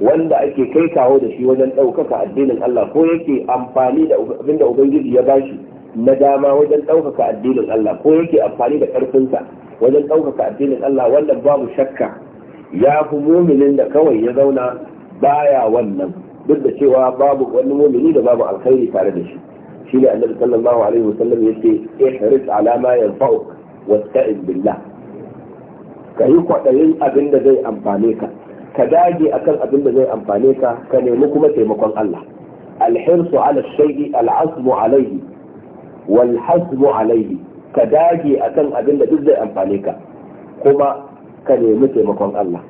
wanda ake kai kawo da shi wajen ɗaukaka addinin Allah ko yake amfani da abin da Ubangiji ya bashi na dama wajen ɗaukaka addinin Allah ko yake amfani da ƙarfinsa wajen ɗaukaka addinin Allah wanda babu shakka ya fi muminin da kawai ya zauna baya wannan duk da cewa babu wani mumini da babu alkhairi tare da shi shi ne annabi sallallahu alaihi wasallam yace ihris ala ma yanfa'uk wasta'in billah ka yi kwaɗayin abin da zai amfane ka ka dage akan abin da zai amfane ka ka nemi kuma taimakon Allah alhirsu ala shay'i al'azmu alaihi wal hasbu alaihi ka dage akan abin da duk zai amfane ka kuma ka nemi taimakon Allah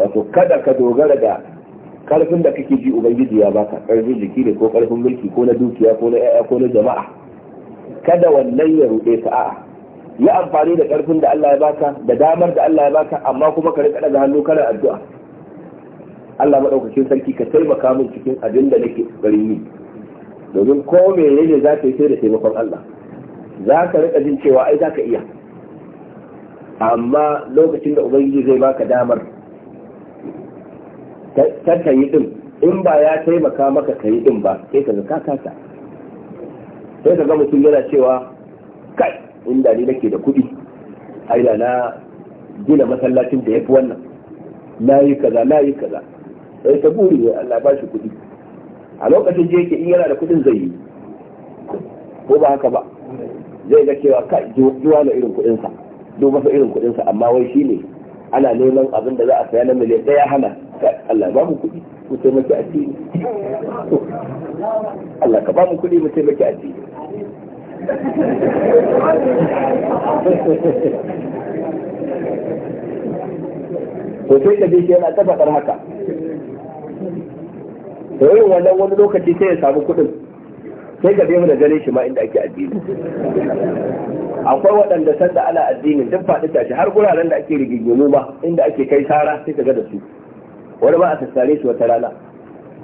wato kada ka dogara da karfin da kake ji ubangiji ya baka karfin jiki ne ko karfin mulki ko na dukiya ko na yaya ko na jama'a kada wannan ya ruɗe ka a'a yi amfani da karfin da Allah ya baka da damar da Allah ya baka amma kuma ka rika daga hannu kana addu'a Allah madaukakin sarki ka taimaka min cikin abin da nake kokarin yi domin ko menene za ka yi sai da taimakon Allah za ka rika jin cewa ai za ka iya amma lokacin da ubangiji zai baka damar ta ka yi din in ba ya taimaka maka ka yi din ba sai ka ga kasa sai ka ga mutum yana cewa kai inda ni nake da kuɗi ai da na gina masallacin da ya fi wannan na yi kaza na yi kaza sai ta buri ne Allah ba shi kuɗi a lokacin da yake in yana da kuɗin zai yi ko ba haka ba zai ga cewa ka zuwa na irin kuɗinsa duba irin kuɗinsa amma wai shi ne ana neman abin da za a saya na miliyan ɗaya hana Allah ba mu kuɗi mu taimaki addini Allah ka ba mu kuɗi mu taimaki addini to sai ka je shi yana tabbatar haka to irin wannan wani lokaci sai ya samu kuɗin sai ka je mu da gare shi ma inda ake addini akwai waɗanda sanda ana addinin duk faɗi tashi har guraren da ake rigingimu ba inda ake kai sara sai ka ga da su wani ba a sassare shi wata rana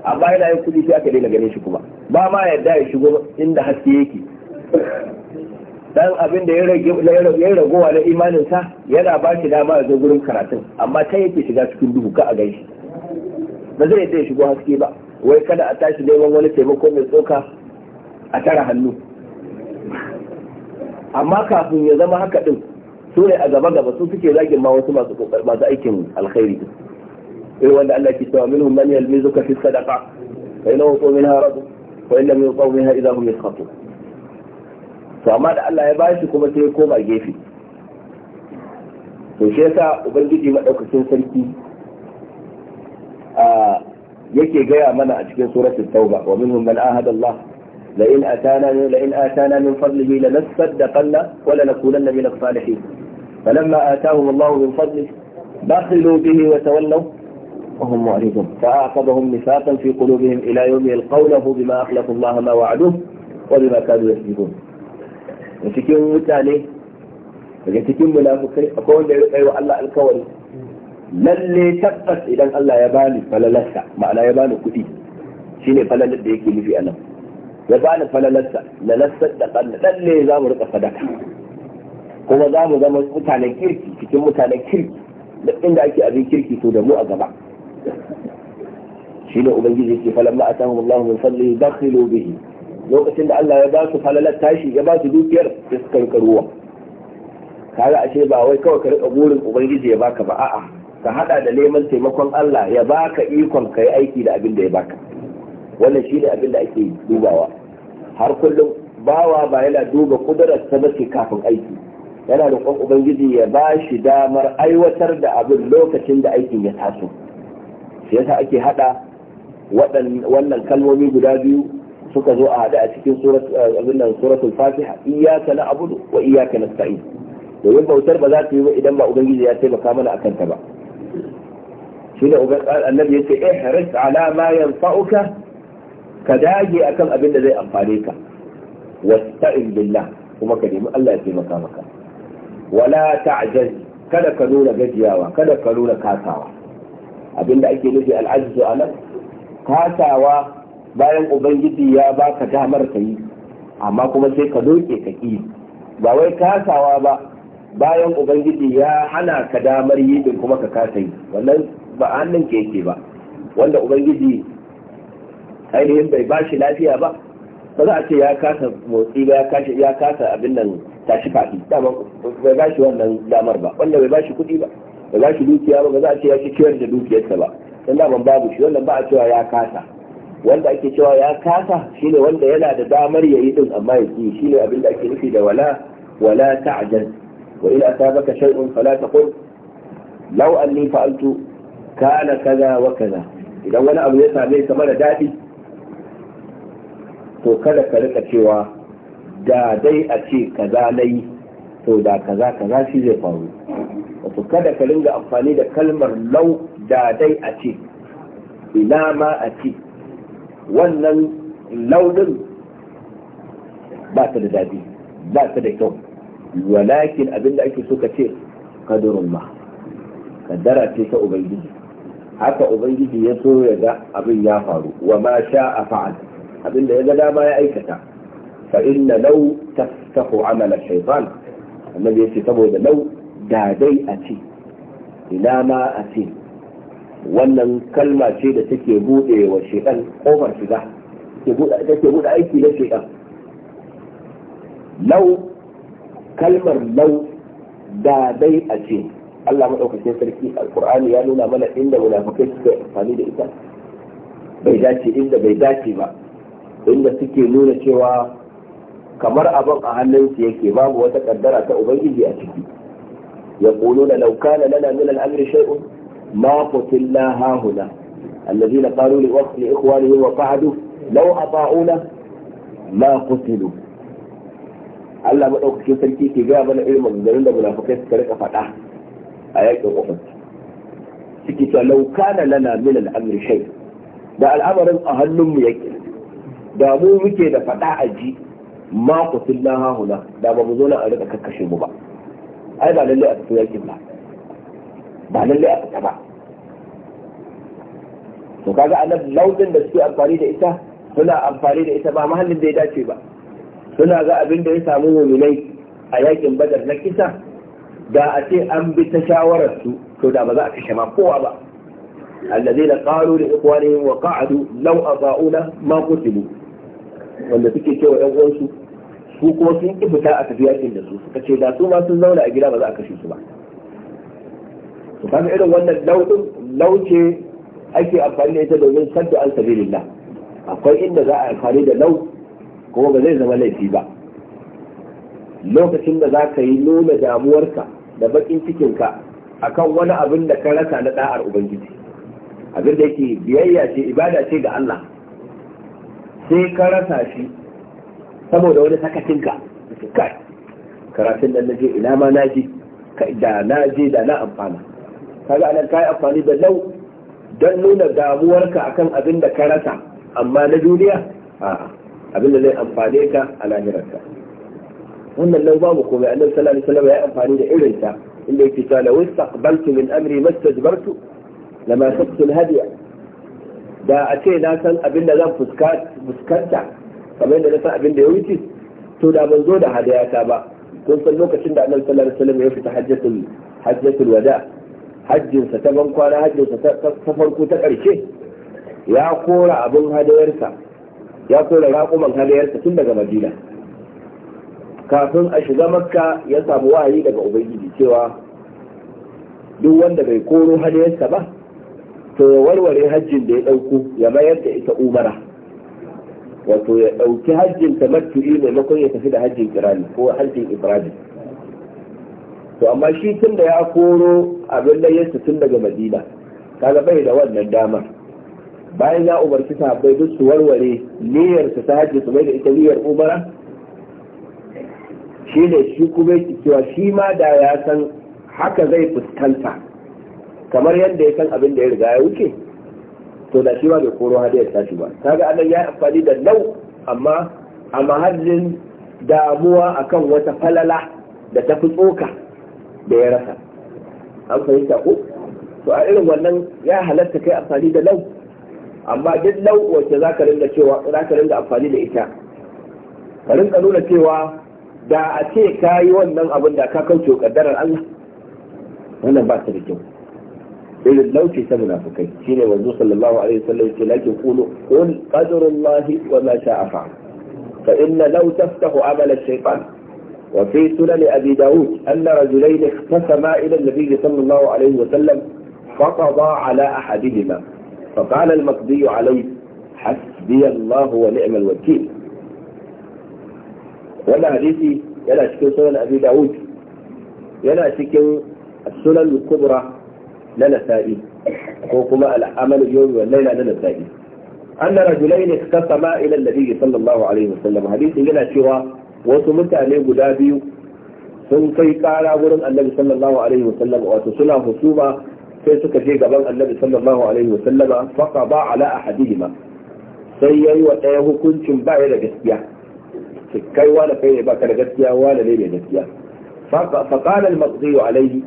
amma yana yin kudi sai aka daina ganin shi kuma ba ma yadda ya shigo inda haske yake dan abin da ya ragowa na imaninsa yana ba shi dama a zo gurin karatun amma ta yake shiga cikin duhu ka a gaishe ba zai yadda ya shigo haske ba wai kada a tashi neman wani taimako mai tsoka a tara hannu amma kafin ya zama haka din su ne a gaba gaba su suke zagin ma wasu masu aikin alkhairi هو كتاب منهم من يلمزك في الصدقة فإن أوطوا منها رضوا وإن لم يوطوا منها إذا هم يسخطون. فما لعل عبادتكم أتيكم أجيفي وشيسا أبنجي ما أوك سنسلتي آه، يكي جاء منع تكين سورة التوبة ومنهم من عاهد الله لئن أتانا لئن أتانا من فضله لنصدقن ولنكونن من الصالحين فلما آتاهم الله من فضله بخلوا به وتولوا وهم معرضون فعاقبهم نفاقا في قلوبهم إلى يوم يلقونه بما أخلفوا الله ما وعدوه وبما كانوا يكذبون cikin mutane daga cikin munafukai akwai wanda ya kai wa Allah alkawari lalle tabbas idan Allah ya bani falalarsa ma'ana ya bani kuɗi shine falalar da yake nufi anan ya bani falalarsa da lalle rika kuma za mu zama mutanen kirki cikin mutanen kirki inda ake abin kirki to da mu a gaba shi ne ubangiji ke falan ma atahum Allahu fadli dakhilu bihi lokacin da Allah ya ba su falalar tashi ya ba su dukiyar da su karkaruwa kaga ashe ba wai kawai ka rika burin ubangiji ya baka ba a'a ka hada da neman taimakon Allah ya baka ikon kai aiki da abin da ya baka wannan shi ne abin da ake dubawa har kullum bawa ba yana duba kudurar ta bace kafin aiki yana roƙon ubangiji ya ba shi damar aiwatar da abin lokacin da aikin ya taso shi yasa ake hada wannan kalmomi guda biyu suka zo a hada a cikin eh, suratul fatiha iyyaka na'budu wa iyyaka nasta'in domin bautar ba za ta yi ba idan ba ubangiji ya taimaka mana akan ta ba shine annabi yace ihris ala ma yanfa'uka ka dage akan abin da zai amfane ka wasta'in billah kuma ka nemi Allah ya taimaka maka wala ta'jaz kada ka nuna gajiyawa kada ka nuna kasawa abinda ake nufi al'ajizu a nan kasawa bayan ubangiji ya baka damar ka yi amma kuma sai ka doke ka yi. ba wai kasawa ba bayan ubangiji ya hana ka damar yi din kuma ka kasa yi wannan ba hannun ke yake ba wanda ubangiji ainihin bai ba shi lafiya ba ba za a ce ya kasa motsi ba ya kasa ya kasa abin nan tashi faɗi dama bai ba shi wannan damar ba wanda bai ba shi kuɗi ba ba za shi dukiya ba ba za a ce ya ci kiwon da dukiyarsa ba dan da ban babu shi wannan ba a cewa ya kasa wanda ake cewa ya kasa shine wanda yana da damar yayi din amma ya ki shine abin da ake nufi da wala wala ta'jal wa in asabaka shay'un fala taqul law anni fa'altu kana kaza wa kaza idan wani abu ya same ka mara dadi to kada ka rika cewa da dai a ce kaza nayi to da kaza kaza shi zai faru wato kada ka ringa amfani da kalmar lau da dai a ce ina ma a ce wannan launin ba ta da daɗi ba ta da kyau walakin abinda ake so ka ce kadurin ma kaddara ce ta ubangiji haka ubangiji ya so ya ga abin ya faru wa ma sha a fa'al abinda ya ga dama ya aikata fa inna lau taftahu amala shaytan annabi yace saboda lau da dai a ce ina ma a ce wannan kalma ce da take buɗe wa shekan ƙofar shiga take buɗe aiki na shekan lau kalmar lau da dai a ce Allah maɗaukacin sarki alƙur'ani ya nuna mana inda munafukai suka amfani da ita bai dace inda bai dace ba inda suke nuna cewa kamar abin a hannunsu yake babu wata kaddara ta ubangiji a ciki يقولون لو كان لنا من الأمر شيء ما قتلنا هاهنا الذين قالوا لإخوانهم وقعدوا لو أطاعونا ما قتلوا Allah maɗaukacin sarki ke gaya mana irin maganganun da munafukai suka rika faɗa a yakin Uhud. Suke cewa law kana lana min al-amri da al'amarin a hannunmu yake da mu muke da faɗa a ji ma qutilna hahuna da ba mu zo nan a rika kakkashe mu ba. ai ba lalle a fito yakin ba ba lalle a fita ba to kaga nan laudin da suke amfani da ita suna amfani da ita ba mahallin da ya dace ba suna ga abin da ya samu muminai a yakin badar na kisa da a ce an bi ta shawarar su to da ba za a kashe ma kowa ba allazina qalu li ikhwanihim wa qa'adu lau a ma qutilu wanda suke cewa yan su ko sun ki fita a tafiya yakin da su suka ce da su ma sun zauna a gida ba za a kashe su ba to kan irin wannan lauɗin lauce ake amfani da ita domin saddu an sabilillah akwai inda za a amfani da lau kuma ba zai zama laifi ba lokacin da za ka yi nuna damuwarka da bakin cikinka akan wani abin da ka rasa na da'ar ubangiji abin da yake biyayya ce ibada ce ga Allah sai ka rasa shi saboda wani sakacinka kai karatun nan je ina ma na naji da na naje da na amfana kaga anan kai amfani da lau don nuna damuwarka akan abin da ka rasa amma na duniya a abin da zai amfane ka a lahirarka wannan lau babu komai annabi sallallahu alaihi wasallam ya amfani da irin ta inda yake cewa law istaqbaltu min amri mastajbartu lama sabtu hadiya da a ce na san abin da zan fuskanta kamar yadda na san abin da ya wuce to da ban zo da hadayata ba kun san lokacin da annabi sallallahu alaihi wasallam ya fita hajjatul hajjatul wada hajjinsa ta ban kwana hajjinsa ta farko ta ƙarshe ya kora abin hadayarsa ya kora raƙuman hadayarsa tun daga madina kafin a shiga makka ya samu wahayi daga ubangiji cewa duk wanda bai koro hadayarsa ba to ya warware hajjin da ya ɗauko ya mayar da ita umara wato ya ɗauki hajjin tamattu'i maimakon ya tafi da hajjin kirani ko hajjin ibrahim? to amma shi tun da ya koro abin layyarsa tun daga madina kaga bai da wannan damar bayan ya umarci sahabbai duk su warware liyarsa ta hajji su mai da ita niyyar umara shi ne shi kuma yake cewa shi ma da ya san haka zai fuskanta kamar yadda ya san abin da ya riga ya wuce to da shi ba da koro ya tashi ba ga anan ya yi amfani da lau amma a mahallin damuwa akan wata falala da ta fi tsoka da ya rasa an fahimta ko to a irin wannan ya halatta kai amfani da lau amma duk lau wacce za ka ringa cewa za ka ringa amfani da ita ka ringa nuna cewa da a ce ka yi wannan abin da ka kauce kaddarar Allah wannan ba ta da kyau إذن لو كتبنا فكي كينا وزوه صلى الله عليه وسلم يتلاك يقول قل قدر الله وما شاء فعل فإن لو تفتح عمل الشيطان وفي سنن أبي داود أن رجلين اختسما إلى النبي صلى الله عليه وسلم فقضى على أحدهما فقال المقضي عليه حسبي الله ونعم الوكيل ولا هديثي يلا شكو سنن أبي داود يلا شكو السنن الكبرى na nasa'i ko kuma al'amal yawmi wal laila na nasa'i anna rajulain iktasama ila an-nabi sallallahu alaihi wasallam hadisin yana cewa wasu mutane guda biyu sun kai kara wurin annabi sallallahu alaihi wasallam wato suna husuma sai suka je gaban annabi sallallahu alaihi wasallam faqa ba ala ahadihima sai yayi wa ɗaya hukuncin ba ya da gaskiya kai wala kai ba ka da gaskiya wala ne da gaskiya فقال المقضي عليه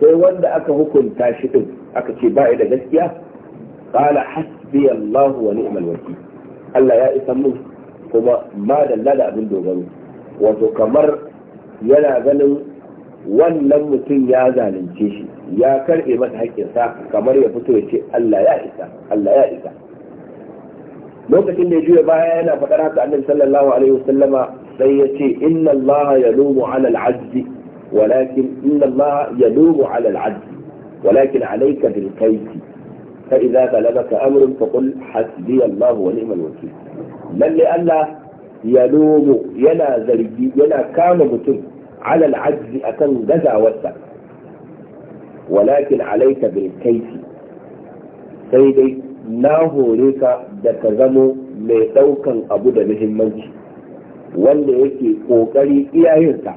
sai wanda aka hukunta shi din aka ce ba da gaskiya qala hasbi Allah wa ni'mal wakil Allah ya isa mun kuma ma da da abin dogaro wato kamar yana ganin wannan mutum ya zalunce shi ya karbe masa haƙƙinsa kamar ya fito ya ce Allah ya isa Allah ya isa lokacin da ya juya baya yana faɗar haka annabi sallallahu alaihi wasallama sai ya ce inna Allah yalumu ala ولكن إن الله يدوم على العدل ولكن عليك بالكيف فإذا بلغك أمر فقل حسبي الله ونعم الوكيل من لألا يلوم ينا زرجي ينا كام متن على العجز أكن جزع وسع ولكن عليك بالكيف سيدي ناهو ليك دكزمو mai ɗaukan abu da muhimmanci wanda yake ƙoƙari iyayensa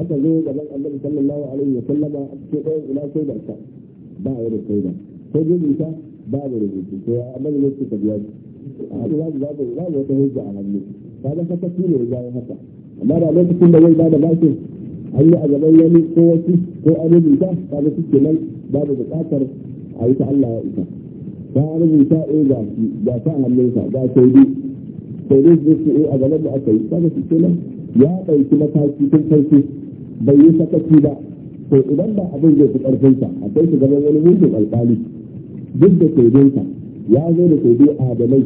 aka zo gaban annabi sallallahu alaihi wa sallama a cikin ɗayan ina shaidar ka ba a irin shaida sai dai ta ba da rubutu to annabi ne suka biya shi a haka za mu za mu za mu wata hujja a hannu ka ga haka shi ne ya haka amma da lokacin da zai ba da bashin an yi a gaban wani ko wasu ko an rubuta ka ga suke nan ba da buƙatar a yi ta Allah ya isa ta rubuta eh ga shi ga ta hannunsa ga shaidu shaidu zai ce eh a gaban da aka yi ka ga suke nan ya ɗauki mataki tun farko bai yi sakaci ba to idan ba abin zai fi a kai shi gaban wani mutum alƙali duk da shaidunsa ya zo da a adalai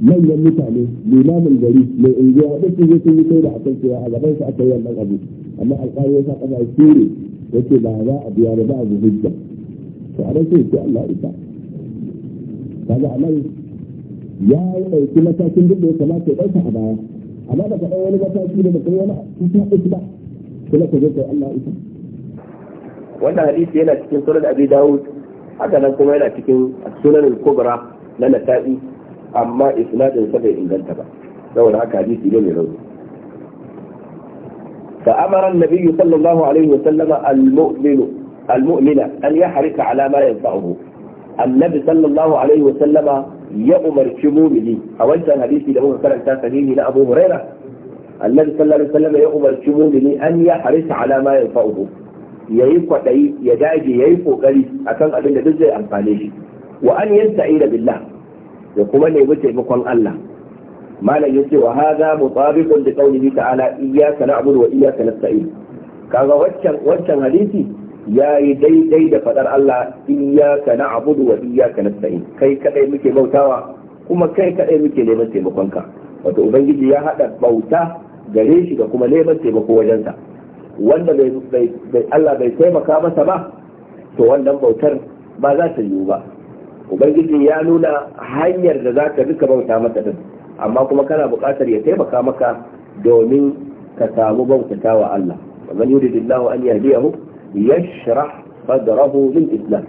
manyan mutane limamin gari mai unguwa duk sun sun yi da a kan cewa a gaban su aka yi wannan abu amma alƙali ya sa ƙasa ya ce ba za a biya ba ba a hujja to a rashin ce Allah ita kaga a nan ya ɗauki matakin duk da ya kamata ya ɗauka a baya amma ba ka ɗau wani mataki da ba ka yi wani kusa ba kuma ka kai Allah ita wannan hadisi yana cikin sunan Abi Dawud haka nan kuma yana cikin sunan al-Kubra na Nasa'i amma isnadin sa bai inganta ba saboda haka hadisi ne mai rauni فأمر النبي صلى الله عليه وسلم المؤمن المؤمن أن يحرص على ما ينفعه النبي صلى الله عليه وسلم ya umarci mumini a wancan hadisi da muka karanta sahihi na Abu Huraira annabi sallallahu alaihi wasallam ya umarci ne, an ya harisa ala ma yanfa'uhu yayi kwadayi ya dage yayi kokari akan abin da duk zai amfane shi wa an yasta'ina billah ya kuma nemi taimakon Allah malam yace wa hadha mutabiqun li qawlihi ta'ala iyyaka na'budu wa iyyaka nasta'in kaga waccan waccan hadisi yayi daidai da fadar Allah iyyaka na'budu wa iyyaka nasta'in kai kadai muke bautawa kuma kai kadai muke neman taimakon ka wato ubangiji ya haɗa bauta gare shi da kuma neman taimako wajensa wanda bai Allah bai taimaka masa ba to wannan bautar ba za ta yiwu ba ubangiji ya nuna hanyar da za ka duka bauta masa din amma kuma kana buƙatar ya taimaka maka domin ka samu bautata wa Allah man yuridillahu an yahdiyahu yashrah sadrahu lil islam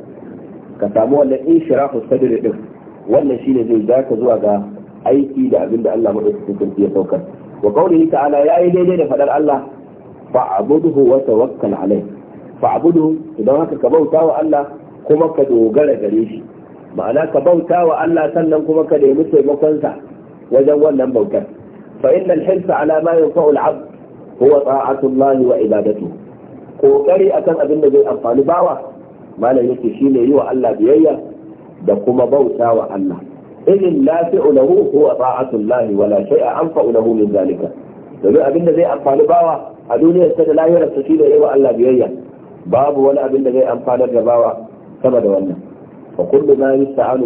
ka samu wannan inshirahu sadri din wannan shine zai zaka zuwa ga aiki da abin da Allah madaukakin ya saukar wa qawlihi ta'ala yi daidai da faɗar Allah fa'budhu wa tawakkal alayhi fa'budu idan haka ka bauta wa Allah kuma ka dogara gare shi ma'ana ka bauta wa Allah sannan kuma ka nemi taimakon sa wajen wannan bautar fa innal hirsa ala ma yanfa'u al-'abd huwa ta'atu wa ibadatu kokari akan abin da zai amfani bawa malam yake shine yi wa Allah biyayya da kuma bauta wa Allah ilin lafi'u lahu huwa ta'atullahi wa la shay'a anfa'u lahu min zalika domin abinda zai amfani bawa a duniyar ta da lahirar ta shine yawa Allah biyayya babu wani abin da zai amfanar da bawa sama da wannan fa kullu ma yusta'anu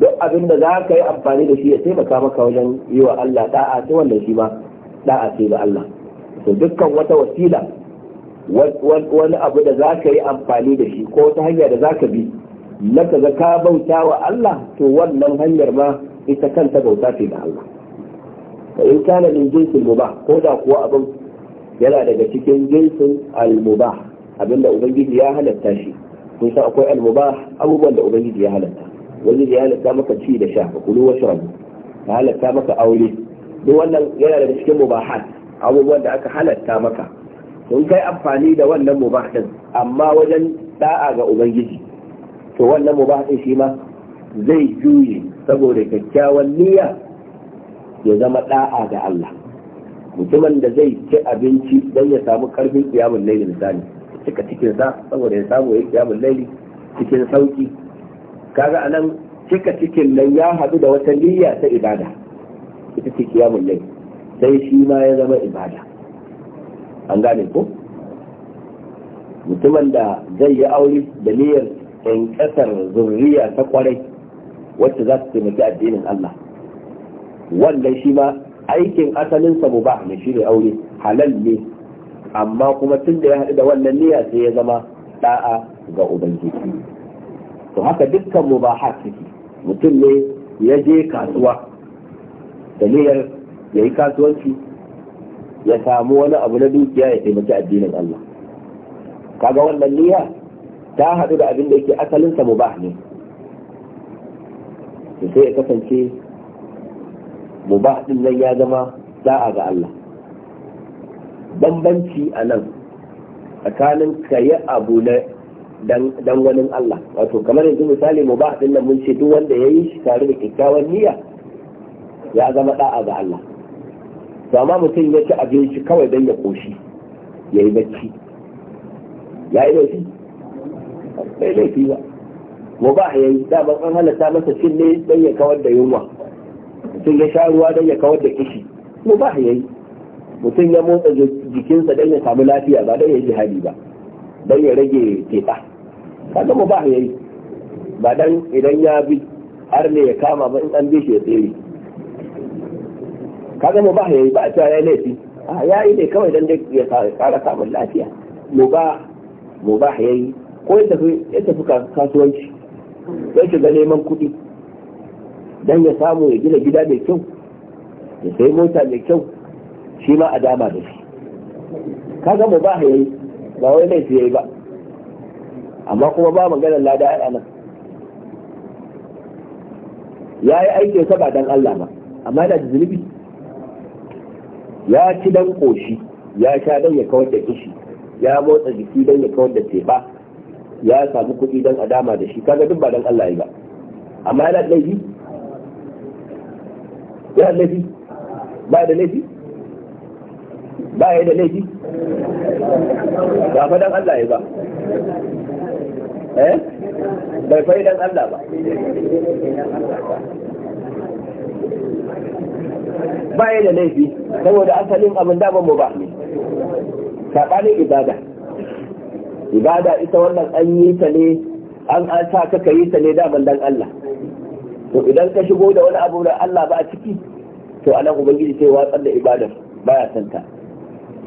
duk abin da zaka yi amfani da shi ya taimaka maka wajen yi wa Allah da'a ta wannan shi ma da'a ce ga Allah to dukkan wata wasila wani abu da zaka yi amfani da shi ko wata hanya da zaka bi na kaga ka bauta wa Allah to wannan hanyar ma ita kanta bauta ce da Allah fa in kana min jinsin mubah ko da kuwa abin yana daga cikin jinsin al-mubah abinda ubangiji ya halatta shi kun san akwai al-mubah abubuwan da ubangiji ya halatta ubangiji ya halatta maka ci da sha kulu wa shrabu ya halatta maka aure duk wannan yana daga cikin mubahat abubuwan da aka halatta maka Kun kai amfani da wannan mubah din amma wajen da'a ga ubangiji to wannan ba din shi ma zai juye saboda kyakkyawan niyya ya zama da'a ga Allah mutumin da zai ci abinci don ya samu karfin kiyamun laili misali cika cikin sa saboda ya samu ya kiyamun laili cikin sauki kaga anan cika cikin nan ya haɗu da wata niyya ta ibada ita ce kiyamun laili sai shi ma ya zama ibada an gane ko mutumin da zai yi aure da niyyar in kasar zurriya ta kwarai wacce za su taimaki addinin Allah wannan shi ma aikin asalin sa mubah ne ne aure halal ne amma kuma tun da ya haɗu da wannan niyya sai ya zama da'a ga ubangiji to haka dukkan mubahat suke mutum ne ya je kasuwa da niyyar ya yi kasuwanci ya samu wani abu na dukiya ya taimaki addinin Allah kaga wannan niyya ta haɗu da abin da yake asalinsa mubah ne to sai ya kasance mubah din nan ya zama da'a ga Allah bambanci a nan tsakanin ka yi abu na dangwanin Allah wato kamar yanzu misali mubah din nan mun ce duk wanda ya yi shi tare da kyakkyawan niyya ya zama da'a ga Allah to amma mutum ya ci abinci kawai don ya koshi ya yi bacci ya yi laifi bai laifi ba wa ba ya yi daban an halatta masa cin ne dan ya kawar da yunwa mutum ya sha ruwa dan ya kawar da kishi mu ba ya yi mutum ya motsa jikinsa dan ya samu lafiya ba don ya ji jihadi ba dan ya rage teɓa kaga mu ba ya yi ba dan idan ya bi har ne ya kama ba in an bi shi ya tsere kaga mu ba ya yi ba a cewa ya yi laifi a ya yi ne kawai don ya kara samun lafiya mu ba mu ba ya yi ko ya tafi kasuwanci ya shiga neman kuɗi don ya samu ya gina gida mai kyau ya sai mota mai kyau shi ma a dama da shi kaga mu ba yayi ba wai laifi yayi ba amma kuma ba ganin lada a nan ya yi aiki ya saba dan Allah ba amma da zunubi ya ci dan koshi ya sha dan ya kawar da kishi ya motsa jiki don ya kawar da teba ya samu kuɗi don a dama da shi kaga duk ba don Allah ya ba amma yana laifi yana laifi ba da laifi ba ya da laifi ba fa don Allah ya ba eh bai fa don Allah ba ba ya da laifi saboda asalin abin daman mu ba ne saɓanin ibada ibada ita wannan an yi ta ne an an sa ka yi ta ne daman dan Allah to idan ka shigo da wani abu da Allah ba a ciki to anan ubangiji sai watsar da ibadar baya santa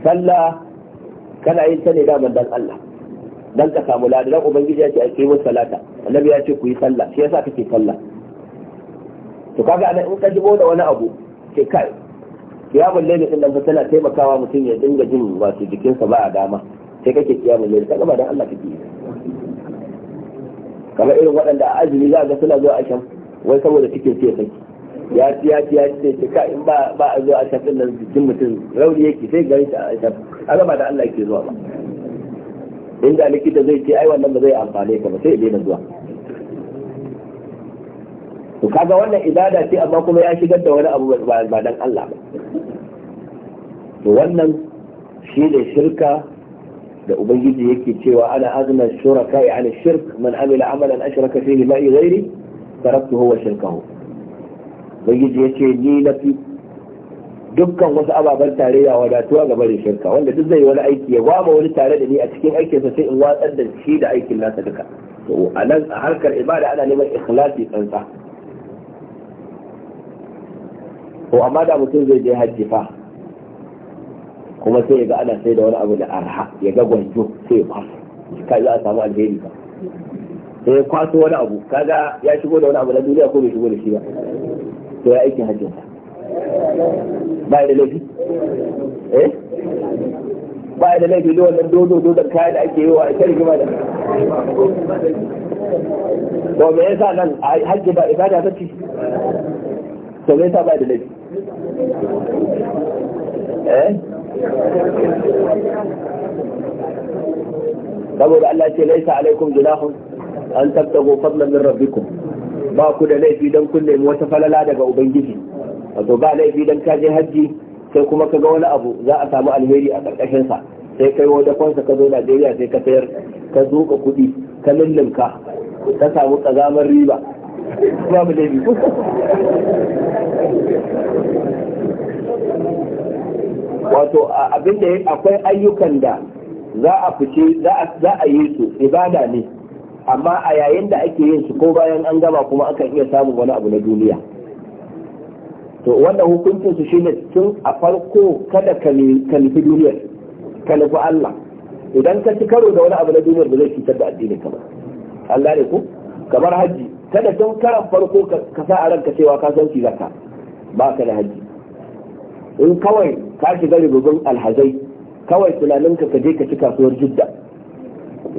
sallah kana yin ta ne daman dan Allah dan ka samu ladan ubangiji ya ce a kimin salata annabi ya ce ku yi sallah shi yasa kake sallah to kaga anan in ka shigo da wani abu ke kai ya balle ne din nan tana taimakawa mutum ya dinga jin wasu jikinsa ba a dama sai kake kiyar laili ta gaba don Allah kake yi kamar irin waɗanda a azumi za ga suna zuwa asham wai saboda cikin ce sai ya ci ya ci ya ci sai ka in ba ba a zuwa asham din nan jikin mutum rauni yake sai gari ta a kaga gaba da Allah yake zuwa ba inda likita zai ce ai wannan ba zai amfane ka ba sai ya daina zuwa to kaga wannan ibada ce amma kuma ya shigar da wani abu ba dan Allah ba to wannan shi ne shirka da ubangiji yake cewa ana azna shuraka yani shirk man amila amalan ashraka fihi ma'i ghairi taraktuhu wa shirkahu ubangiji yace ni na fi dukkan wasu ababen tarayya wadatuwa ga barin shirka wanda duk zai wani aiki ya ba wani tare da ni a cikin aikinsa sai in watsar da shi da aikin nasa duka to a nan a harkar ibada ana neman ikhlasi tsantsa to amma da mutum zai je hajji fa kuma sai ga ana sai da wani abu da arha ya ga gwanjo sai ya kwaso ka za a samu alheri ba sai ya kwaso wani abu kaga ya shigo da wani abu na duniya ko bai shigo da shi ba to ya aikin hajjin ba da laifi eh ba da laifi da wannan dodo dodo kayan da ake yi wa kai rigima da to me yasa nan hajji ba ibada ba ce to me yasa ba da laifi eh saboda Allah ce laisa alaikum junahun an tabtago fadlan min rabbikum ba ku da laifi dan kun nemi wata falala daga ubangiji wato ba laifi dan ka je haji sai kuma ka ga wani abu za a samu alheri a karkashin sa sai kai wani kwansa ka zo Najeriya sai ka sayar ka zuka kuɗi ka lullunka ka samu kazamar riba babu laifi wato abin da akwai ayyukan da za a fice za a yi su ibada ne amma a yayin da ake yin su ko bayan an gama kuma akan iya samun wani abu na duniya to wannan hukuncin su shine tun a farko kada ka nufi duniyar ka nufi Allah idan ka ci karo da wani abu na duniyar ba zai cutar da addini ka ba Allah ne ku kamar haji kada tun karan farko ka sa a ranka cewa ka san shi zakka ba ka da haji in kawai ka shiga rububin alhazai kawai tunaninka ka je ka ci kasuwar jidda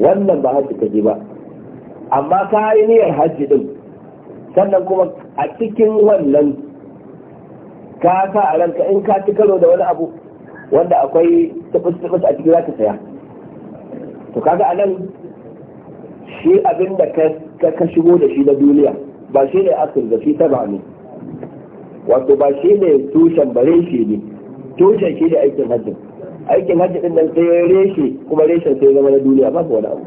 wannan ba hajji ka je ba amma ka yi niyyar hajji din sannan kuma a cikin wannan ka sa a ranka in ka ci karo da wani abu wanda akwai tafis a cikin zaka saya to kaga a nan shi abin da ka shigo da shi na duniya ba shi ne asir da shi ta ba ne wato ba shi ne tushen ba reshe ne tushen shi ne aikin hajji aikin hajji din nan sai reshe kuma reshen sai zama na duniya ba wani abu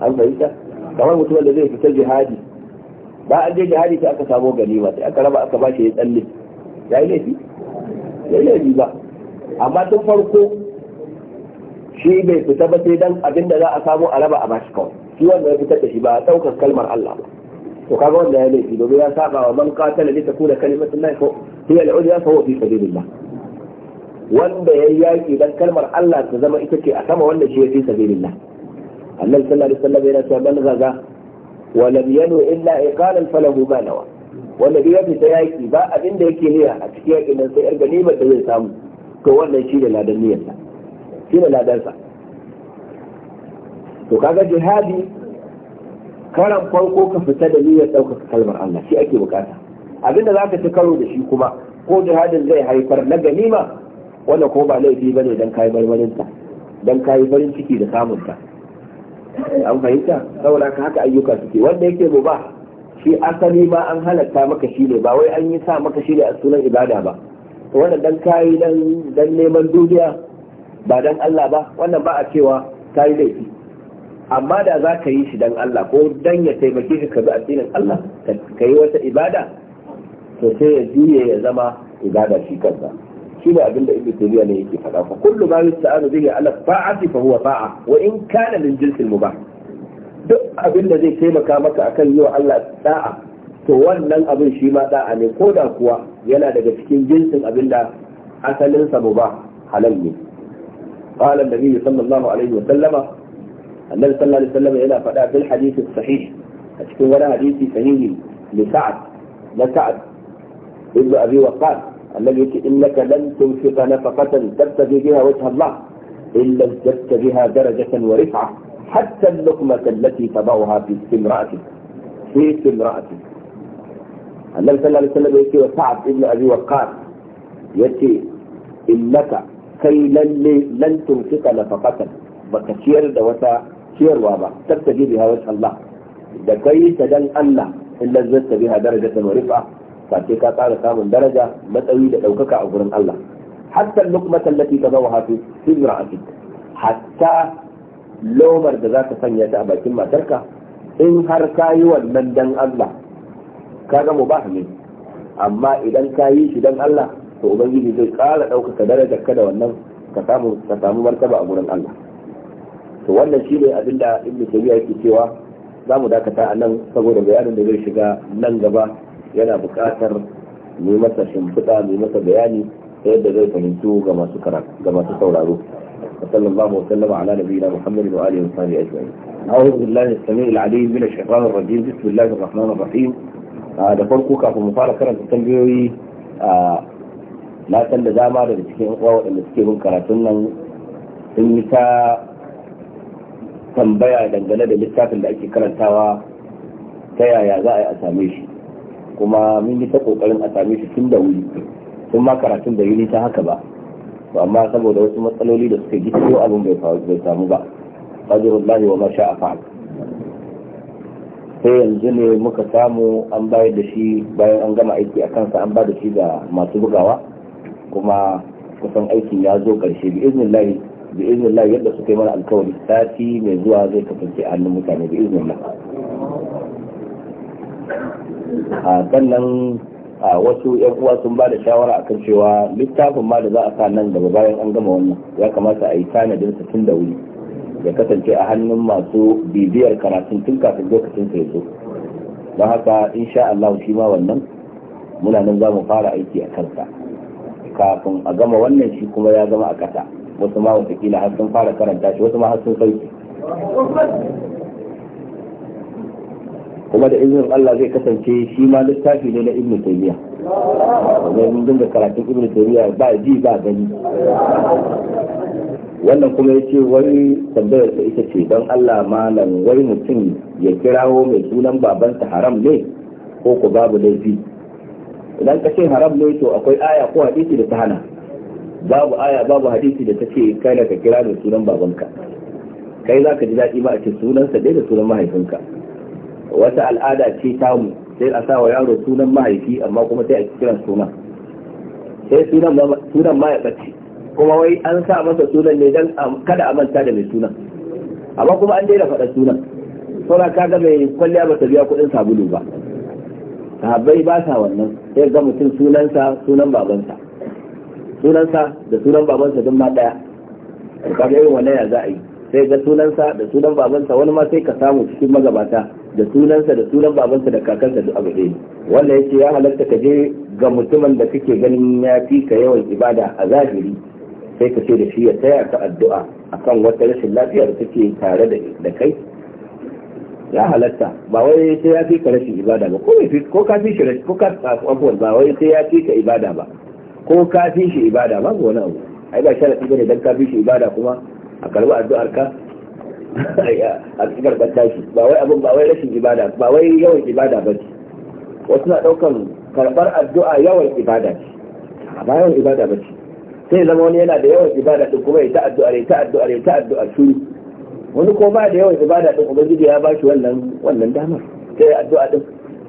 an fahimta kamar mutumin da zai fita jihadi ba an je jihadi sai aka samo ganima sai aka raba aka ba shi ya tsalle ya yi laifi ya yi laifi ba amma tun farko shi bai fita ba sai dan abin da za a samu a raba a bashi kawai shi wanda ya fitar da shi ba a ɗaukar kalmar Allah ba to kaga wanda ya laifi domin ya saba wa man qatala li takuna kalimatullahi fa hiya al-ulya fa huwa fi sabilillah wanda ya yaki dan kalmar Allah ta zama ita ce a sama wanda shi ya fi sabilillah annabi sallallahu alaihi wasallam yana cewa man gaza wa lam yanu illa iqalan falahu balawa. nawa wanda ya fita yaki ba abin da yake niyya a cikin yakin nan sai yar ganimar da zai samu to wannan shi da ladan niyyarsa shi da ladansa to kaga jihadi karan farko ka fita da niyyar ɗaukaka kalmar Allah shi ake bukata abinda za ka ci karo da shi kuma ko jihadin zai haifar na ganima wanda ko ba laifi ba ne don kayi marmarinta don kayi farin ciki da samunta an fahimta saboda ka haka ayyuka suke wanda yake mu ba shi asali ma an halatta maka shi ne ba wai an yi sa maka shi ne a sunan ibada ba wanda dan kayi dan neman duniya ba dan Allah ba wannan ba a cewa kayi laifi amma da za ka yi shi dan Allah ko dan ya taimake ka ka bi addinin Allah ka yi wata ibada to sai ya juye ya zama ibada shi kansa shi ne abinda ibnu taymiya ne yake faɗa fa kullu ma yusta'anu bihi ala ta'ati fa huwa fa'a, wa in kana min jinsil mubah duk abinda zai taimaka maka akan yi wa Allah da'a to wannan abin shi ma da'a ne ko da kuwa yana daga cikin jinsin abinda asalinsa sa mubah halal ne qala annabi sallallahu alaihi wa sallama النبي صلى الله عليه وسلم إلى فدا في الحديث الصحيح أشكو ولا حديث صحيح لسعد لسعد ابن أبي وقال الذي إنك لن تنفق نفقة تبتغي بها وجه الله إلا ازددت بها درجة ورفعة حتى اللقمة التي تضعها في امرأتك في استمرأتك النبي صلى الله عليه وسلم يأتي وسعد ابن أبي وقال يأتي إنك كي لن, لن تنفق نفقة بكثير دوتا ciyarwa ba tattabi biha wajh Allah da kai ta dan Allah illa zata biha darajatan wa rifa fa ka ƙara samun daraja matsayi da ɗaukaka a gurin Allah hatta luqmatan lati tazawaha fi imra'atik hatta lomar da zaka sanya ta a bakin matarka in har ka yi wannan dan Allah kaga mubah ne amma idan ka yi shi dan Allah to ubangiji zai kara ɗaukaka darajar ka da wannan ka samu ka samu martaba a gurin Allah to wannan shine abin da ibnu tabiya yake cewa za mu dakata a nan saboda bayanin da zai shiga nan gaba yana buƙatar mu masa shimfiɗa mu masa bayani ta yadda zai fahimci ga masu ga masu sauraro وصلى الله وسلم على نبينا محمد واله وصحبه اجمعين. اعوذ بالله السميع العليم من الشيطان الرجيم بسم الله الرحمن الرحيم. da farko kafin mu fara karanta tambayoyi ah, na san da dama daga cikin uwa waɗanda suke bin karatun nan sun yi ta tambaya dangane da littafin da ake karantawa ta yaya za a yi a same shi kuma mun yi ta kokarin a same shi tun da wuri tun ma karatun da yuni ta haka ba to amma saboda wasu matsaloli da suka ko abin bai bai samu ba qadrullahi wa ma a fa'al sai yanzu ne muka samu an bayar da shi bayan an gama aiki a kansa an ba da shi ga masu bugawa kuma kusan aikin ya zo karshe bi iznillahi bi iznillah yadda suka yi mana alkawari sati mai zuwa zai kasance a hannun mutane bi iznillah a sannan a wasu yan uwa sun ba da shawara akan cewa littafin ma da za a sa nan gaba bayan an gama wannan ya kamata a yi tanadin sa tun da wuri ya kasance a hannun masu bibiyar karatun tun kafin lokacin sa ya zo don haka insha Allah shi ma wannan muna nan za mu fara aiki a kansa kafin a gama wannan shi kuma ya zama a ƙasa wasu ma watakila har sun fara karanta shi wasu ma har sun sauki kuma da izinin Allah zai kasance shi ma littafi ne na ibnu taymiya wanda mun dinga karatun ibnu taymiya ba ji ba gani wannan kuma yace wai tambayar sa ita ce dan Allah malam wai mutum ya kirawo mai sunan babansa haram ne ko ku babu laifi idan ka ce haram ne to akwai aya ko hadisi da ta hana babu aya babu hadisi da take kai da ka kira da sunan babanka kai za ka ji daɗi ba a ce sunansa dai da sunan mahaifinka wata al'ada ce tamu sai a sa wa yaro sunan mahaifi amma kuma sai a kiran sunan sai sunan ma ya ɓace kuma wai an sa masa sunan ne don kada a manta da mai sunan amma kuma an daina faɗa sunan saura kaga mai kwalliya ba ta biya kuɗin sabulu ba sahabbai ba sa wannan sai ga mutum sunansa sunan babansa sunansa da sunan babansa duk ma daya kaga irin wannan ya za a yi sai ga sunansa da sunan babansa wani ma sai ka samu cikin magabata da sunansa da sunan babansa da kakansa duk abu ɗaya wanda yace ya halatta ka je ga mutumin da kake ganin ya fi ka yawan ibada a zahiri sai ka ce da shi ya taya ka addu'a akan wata rashin lafiya da take tare da kai ya halatta ba wai sai ya fi ka rashin ibada ba ko ka fi shi rashin ko ka ba wai sai ya fi ka ibada ba ko ka fi shi ibada ko wani abu ai ba sharadi bane dan ka fi shi ibada kuma a karbi addu'ar ka a tsigar bata shi ba wai abin ba wai rashin ibada ba wai yawan ibada ba ce wasu na daukan karbar addu'a yawan ibada ce ba yawan ibada ba ce sai zama wani yana da yawan ibada din kuma ya ta addu'ar ya ta addu'ar ya ta addu'ar shuru wani ko ba da yawan ibada din ubangiji ya ba shi wannan wannan damar sai addu'a din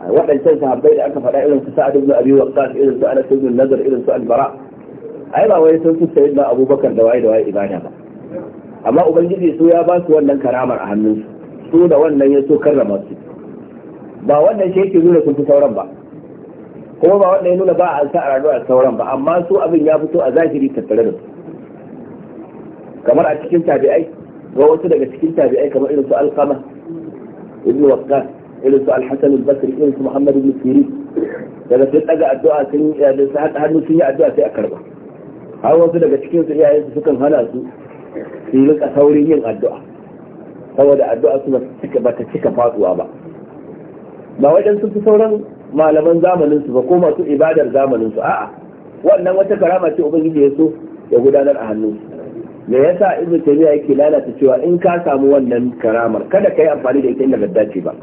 waɗancan sahabbai da aka faɗa irin su sa'ad ibn abi waqqas irin su anas ibn nazar irin su al-bara ai ba wai sun fusta yin abubakar da waye da waye ibada ba amma ubangiji su ya ba su wannan karamar a hannunsu su da wannan ya so karrama su ba wannan shi yake nuna sun fi sauran ba kuma ba wannan ya nuna ba a sa a rayuwa sauran ba amma su abin ya fito a zahiri tattare da su kamar a cikin tabi'ai ga wasu daga cikin tabi'ai kamar irin su alkama ibn waqqas irin su alhassan al-basri irin su muhammad ibn sirin daga sun daga addu'a sun da eh, su haɗa hannu sun yi addu'a sai a karba har wasu daga cikin su iyayen su sukan hana su su yi rika saurin yin addu'a saboda addu'a su cika ba ta cika faduwa ba ba wajen sun fi sauran malaman zamanin su ba ko masu ibadar zamanin su a'a wannan wata karama ce ubangiji ya so ya gudanar a hannun su me yasa ibnu taymiya yake lalata cewa in ka samu wannan karamar kada ka yi amfani da ita inda dace ba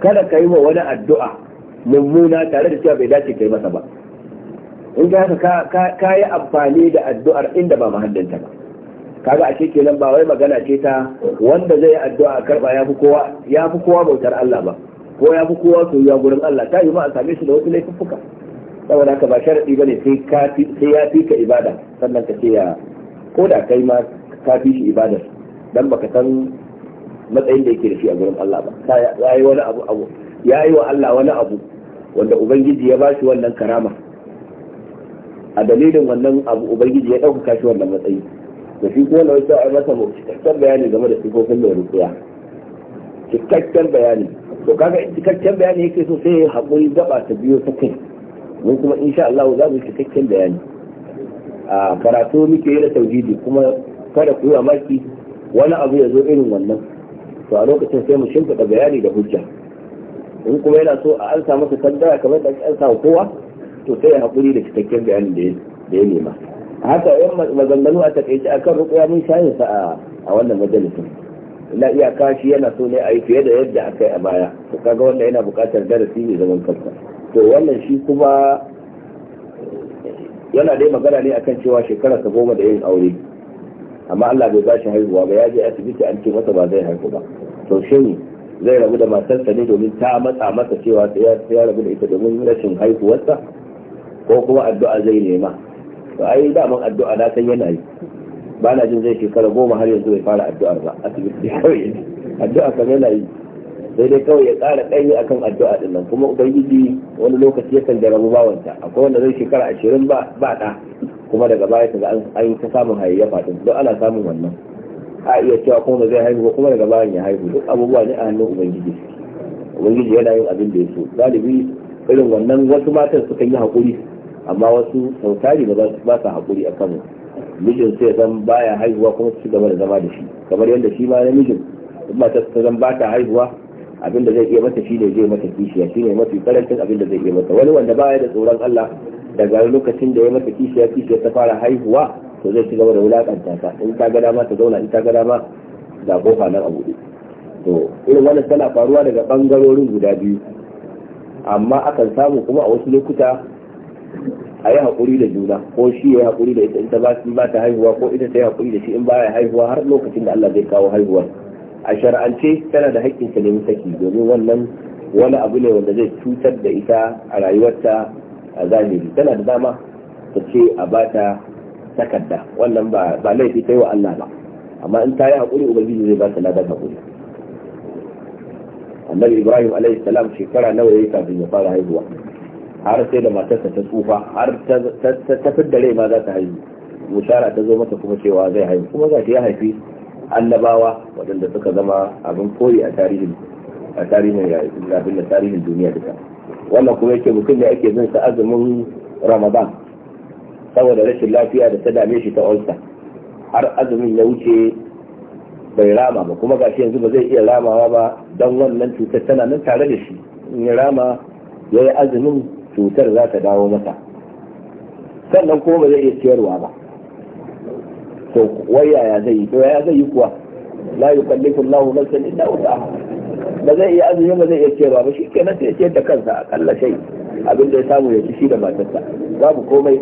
kada ka yi wa wani addu'a mummuna tare da cewa bai dace ka yi masa ba in ka haka ka yi amfani da addu'ar inda ba mahaddanta ba kaga ashe kenan ba wai magana ce ta wanda zai yi addu'a karba ya fi kowa ya fi kowa bautar Allah ba ko ya fi kowa soyuwa gurin Allah ta yi ma a same shi da wasu laifuffuka saboda haka ba sharadi bane sai ka sai ya fi ka ibada sannan ka ce ya ko da kai ma ka fi shi ibadar dan baka san matsayin da yake da shi a gurin Allah ba ya yi wani abu abu ya yi wa Allah wani abu wanda ubangiji ya ba shi wannan karama a dalilin wannan abu ubangiji ya ɗaukaka shi wannan matsayi da shi kuma wani sai a masa cikakken bayani game da sifofin mai rukuya cikakken bayani to kaga cikakken bayani yake so sai haƙuri gaba ta biyo ta kai mun kuma insha Allah za mu cikakken bayani a karatu muke yi da tauhidi kuma kada ku yi maki wani abu ya zo irin wannan to a lokacin sai mu shimfiɗa bayani da hujja in kuma yana so a ansa masa tambaya kamar da an sa kowa to sai ya haƙuri da cikakken bayanin da ya nema haka yan maganganu a takaice akan rukuya mun shayin sa a wannan majalisin Ina iya kashi yana so ne a yi fiye da yadda aka yi a baya to kaga wannan yana buƙatar darasi ne zaman kansa to wannan shi kuma yana dai magana ne akan cewa shekara ta goma da yin aure amma Allah bai bashi haihuwa ba ya je asibiti an ce masa ba zai haihu ba to shin zai rabu da matarsa ne domin ta matsa masa cewa sai ya rabu da ita domin rashin haihuwarsa ko kuma addu'a zai nema to ai mun addu'a na san yana yi ba na jin zai shekara goma har yanzu bai fara addu'ar ba asibiti kawai addu'a kan yana yi sai dai kawai ya tsara ɗanyi akan addu'a din nan kuma ubangiji wani lokaci yakan jarabu bawanta akwai wanda zai shekara ashirin ba ba ɗa kuma daga baya ta ga an ta samun hayayyafa din don ana samun wannan a iya cewa kuma ba zai haihu ba kuma daga bayan ya haihu duk abubuwa ne a hannun ubangiji ubangiji yana yin abin da ya so galibi irin wannan wasu matan suka yi hakuri amma wasu sautari ba sa haƙuri a kan mijin sai zan baya haihuwa kuma su gaba da zama da shi kamar yadda shi ma namijin in matar ta zan ba ta haihuwa abin da zai iya mata shine zai mata kishiya shine mafi karancin abin da zai iya mata wani wanda baya da tsoron Allah daga lokacin da ya mata kishiya kishiya ta fara haihuwa to zai ci gaba da wulakanta ta in ta ga dama ta zauna in ta ga dama da kofa nan a bude to irin wannan tana faruwa daga bangarorin guda biyu amma akan samu kuma a wasu lokuta a yi haƙuri da juna ko shi ya yi haƙuri da ita in ta ba ta haihuwa ko ita ta yi haƙuri da shi in baya haihuwa har lokacin da Allah zai kawo haihuwar a shar'ance tana da haƙƙin ta nemi saki domin wannan wani abu ne wanda zai cutar da ita a rayuwarta a zahiri tana da dama ta ce a ta takarda wannan ba laifi ta yi wa Allah ba amma in ta yi haƙuri ubangiji zai ba ta ladar haƙuri annabi ibrahim alaihi salam shekara nawa ya yi kafin ya fara haihuwa har sai da matarsa ta tsufa har ta fidda da rai ma za ta haihu mushara ta zo mata kuma cewa zai haihu kuma za ta ya haifi annabawa waɗanda suka zama abin koyi a tarihin a tarihin abin da tarihin duniya duka wannan kuma yake mutum da ake zinsa azumin ramadan saboda rashin lafiya da ta dame shi ta ulsa har azumin ya wuce bai rama ba kuma gashi yanzu ba zai iya ramawa ba don wannan cutar tana nan tare da shi in ya rama ya yi azumin cutar za ta dawo masa sannan kuma ba zai iya ciyarwa ba to wai yaya zai yi to yaya zai yi kuwa la yukallifu Allahu nafsan illa wus'aha ba zai iya azumi ba zai iya cewa ba shi kenan sai ya ce da kansa a kalla shai abin da ya samu ya ci shi da matarsa babu komai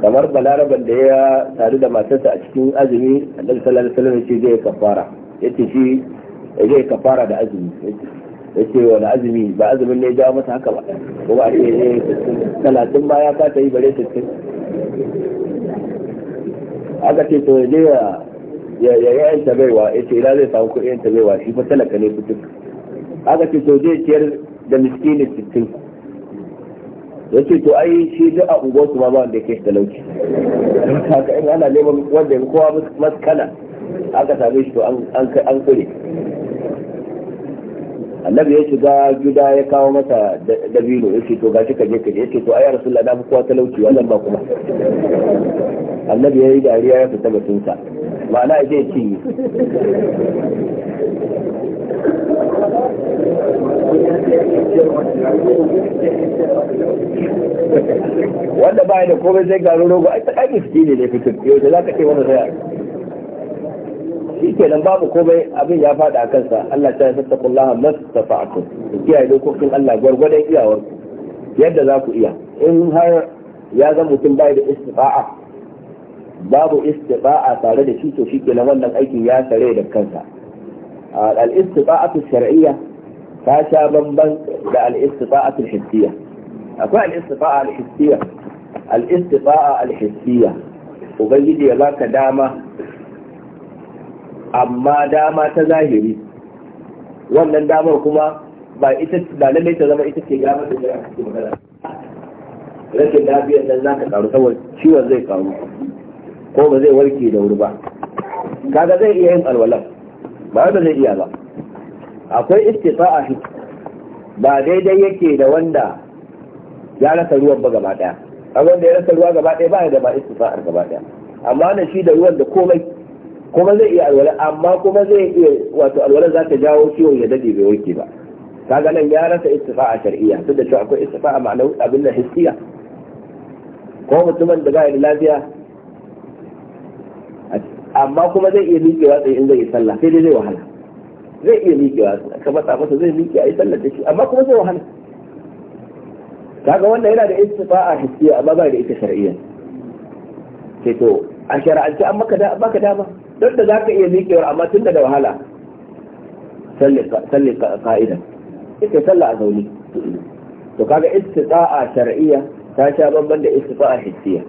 kamar balaraban da ya sadu da matarsa a cikin azumi annabi sallallahu alaihi wasallam ce zai kafara yace shi zai kafara da azumi ce wani azumi ba azumin ne ya jawo masa haka ba ko ba ce talatin ba ya ta yi bare sittin aka ce to je ya ya ya yan tabaiwa ce ila zai samu kuɗin yan tabaiwa shi fa talaka ne fitin aka ce to je ciyar da miskini ya ce to ai shi duk a unguwar su ma ba wanda ke talauci haka in ana neman wanda ya kowa maskala aka same shi to an an kure annabi ya shiga gida ya kawo masa dabino ya ce to ga shi kaje kaje ya ce to ai rasulullah na kowa talauci wannan ba kuma annabi ya yi dariya ya fita sa ma'ana ya je ci wanda ba da komai sai garo rogo ai ta kai ne ne fitin yau da za ka ce wani sai shi kenan babu komai abin ya faɗi a kansa Allah ta yasa taqullaha mastata'tu kiyaye dokokin Allah gwargwadon iyawar yadda za ku iya in har ya zama mutum bai da istifa'a babu istifa'a tare da shi to shi kenan wannan aikin ya sare da kansa al-istifa'atu shar'iyya ta sha bamban da al-istifa'atu hissiyya akwai al-istifa'a al-hissiyya al-istifa'a al-hissiyya ubangiji ya baka dama amma dama ta zahiri wannan damar kuma ba ita ba lallai ta zama ita ce damar da jira cikin magana rashin lafiyar nan zaka karu saboda ciwon zai karu ko ba zai warke da wuri ba kaga zai iya yin alwala ba wanda zai iya ba akwai istifa'a shi ba daidai yake da wanda ya rasa ruwan ba gaba daya a wanda ya rasa ruwa gaba daya ba ya da ba istifa'ar gaba daya amma na shi da ruwan da komai kuma zai iya alwala amma kuma zai iya wato alwala za ta jawo ciwon ya dade bai warke ba kaga nan ya rasa istifa'a shar'iyya duk da cewa akwai istifa'a ma'ana abin da hissiya ko mutumin da bai da lafiya amma kuma zai iya miƙe tsaye in zai yi sallah sai dai zai wahala zai iya miƙewa ka matsa masa zai miƙe a yi sallah da shi amma kuma zai wahala kaga wannan yana da istifa'a hissiya amma bai da ita shar'iyya sai to a shari'ance an maka maka dama duk da za ka iya miƙewar amma tun da wahala sallin ka'idan ita sallah a zaune to kaga istita'a shar'iyya ta sha bamban da istita'a hissiya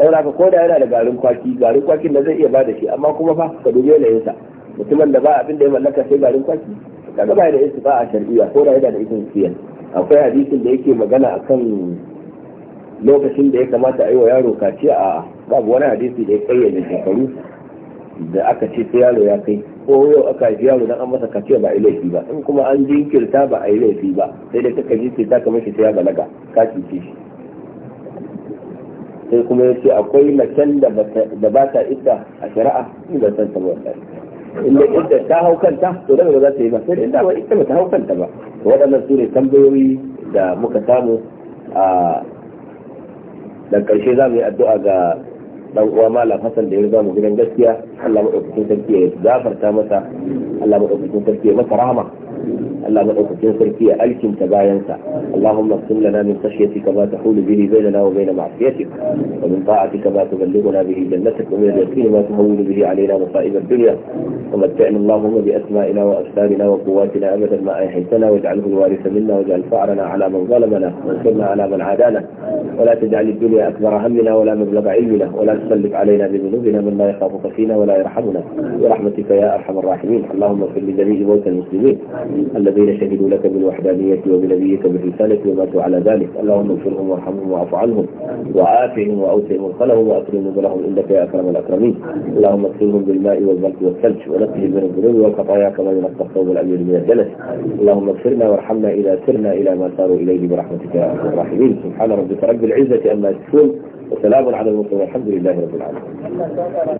saboda ka koda yana da garin kwaki garin kwakin da zai iya bada shi amma kuma fa ka dubi yanayin sa mutumin da ba abin da ya mallaka sai garin kwaki kaga ba da istita'a shar'iyya ko da yana da hissiya akwai hadisin da yake magana akan lokacin da ya kamata a yi wa yaro kaciya a babu wani hadisi da ya kayyade shekaru da aka ce sai yaro ya kai ko yau aka haifi yaro dan an masa kaciya ba a yi laifi ba in kuma an jinkirta ba a yi laifi ba sai dai kaka jinkirta kamar shi ta ya balaga ka cuce shi sai kuma ya ce akwai macen da ba ta idda a shari'a in san ta ba in da idda ta hau kanta to daga ba za ta yi ba sai dai ba idda ba ta hau kanta ba to waɗannan su ne tambayoyi da muka samu a da ƙarshe za mu yi addu'a ga dan uwa malam hasan da ya riga mu gidan gaskiya Allah madaukakin sarki ya gafarta masa Allah madaukakin sarki ya masa rahama الله madaukakin sarki ya alkinta bayansa اللهم qsim لنا من خشيتك ما تحول به بيننا وبين معصيتك ومن طاعتك ما تبلغنا به جنتك ومن jannatak ما min به علينا مصائب الدنيا ومتعنا اللهم بأسمائنا وأسلامنا وقواتنا أبدا ما أيحيتنا واجعله الوارث منا واجعل فعرنا على من ظلمنا وانصرنا على من عادانا ولا تجعل الدنيا أكبر همنا ولا مبلغ علمنا ولا تسلف علينا بذنوبنا من لا يخافك فينا ولا يرحمنا برحمتك يا أرحم الراحمين اللهم اغفر لجميع موتى المسلمين الذين شهدوا لك بالوحدانية وبنبيك بالرسالة وماتوا على ذلك اللهم اغفرهم وارحمهم واعف عنهم وعافهم واوسع مدخلهم واكرم نزلهم انك يا اكرم الاكرمين اللهم اغسلهم بالماء والبرد والثلج ونقهم من الذنوب والخطايا كما ينقى الثوب الامير من الدنس اللهم اغفرنا وارحمنا اذا سرنا الى ما ساروا اليه برحمتك يا ارحم الراحمين سبحان ربك رب العزة عما يصفون وسلام على المرسلين والحمد لله رب العالمين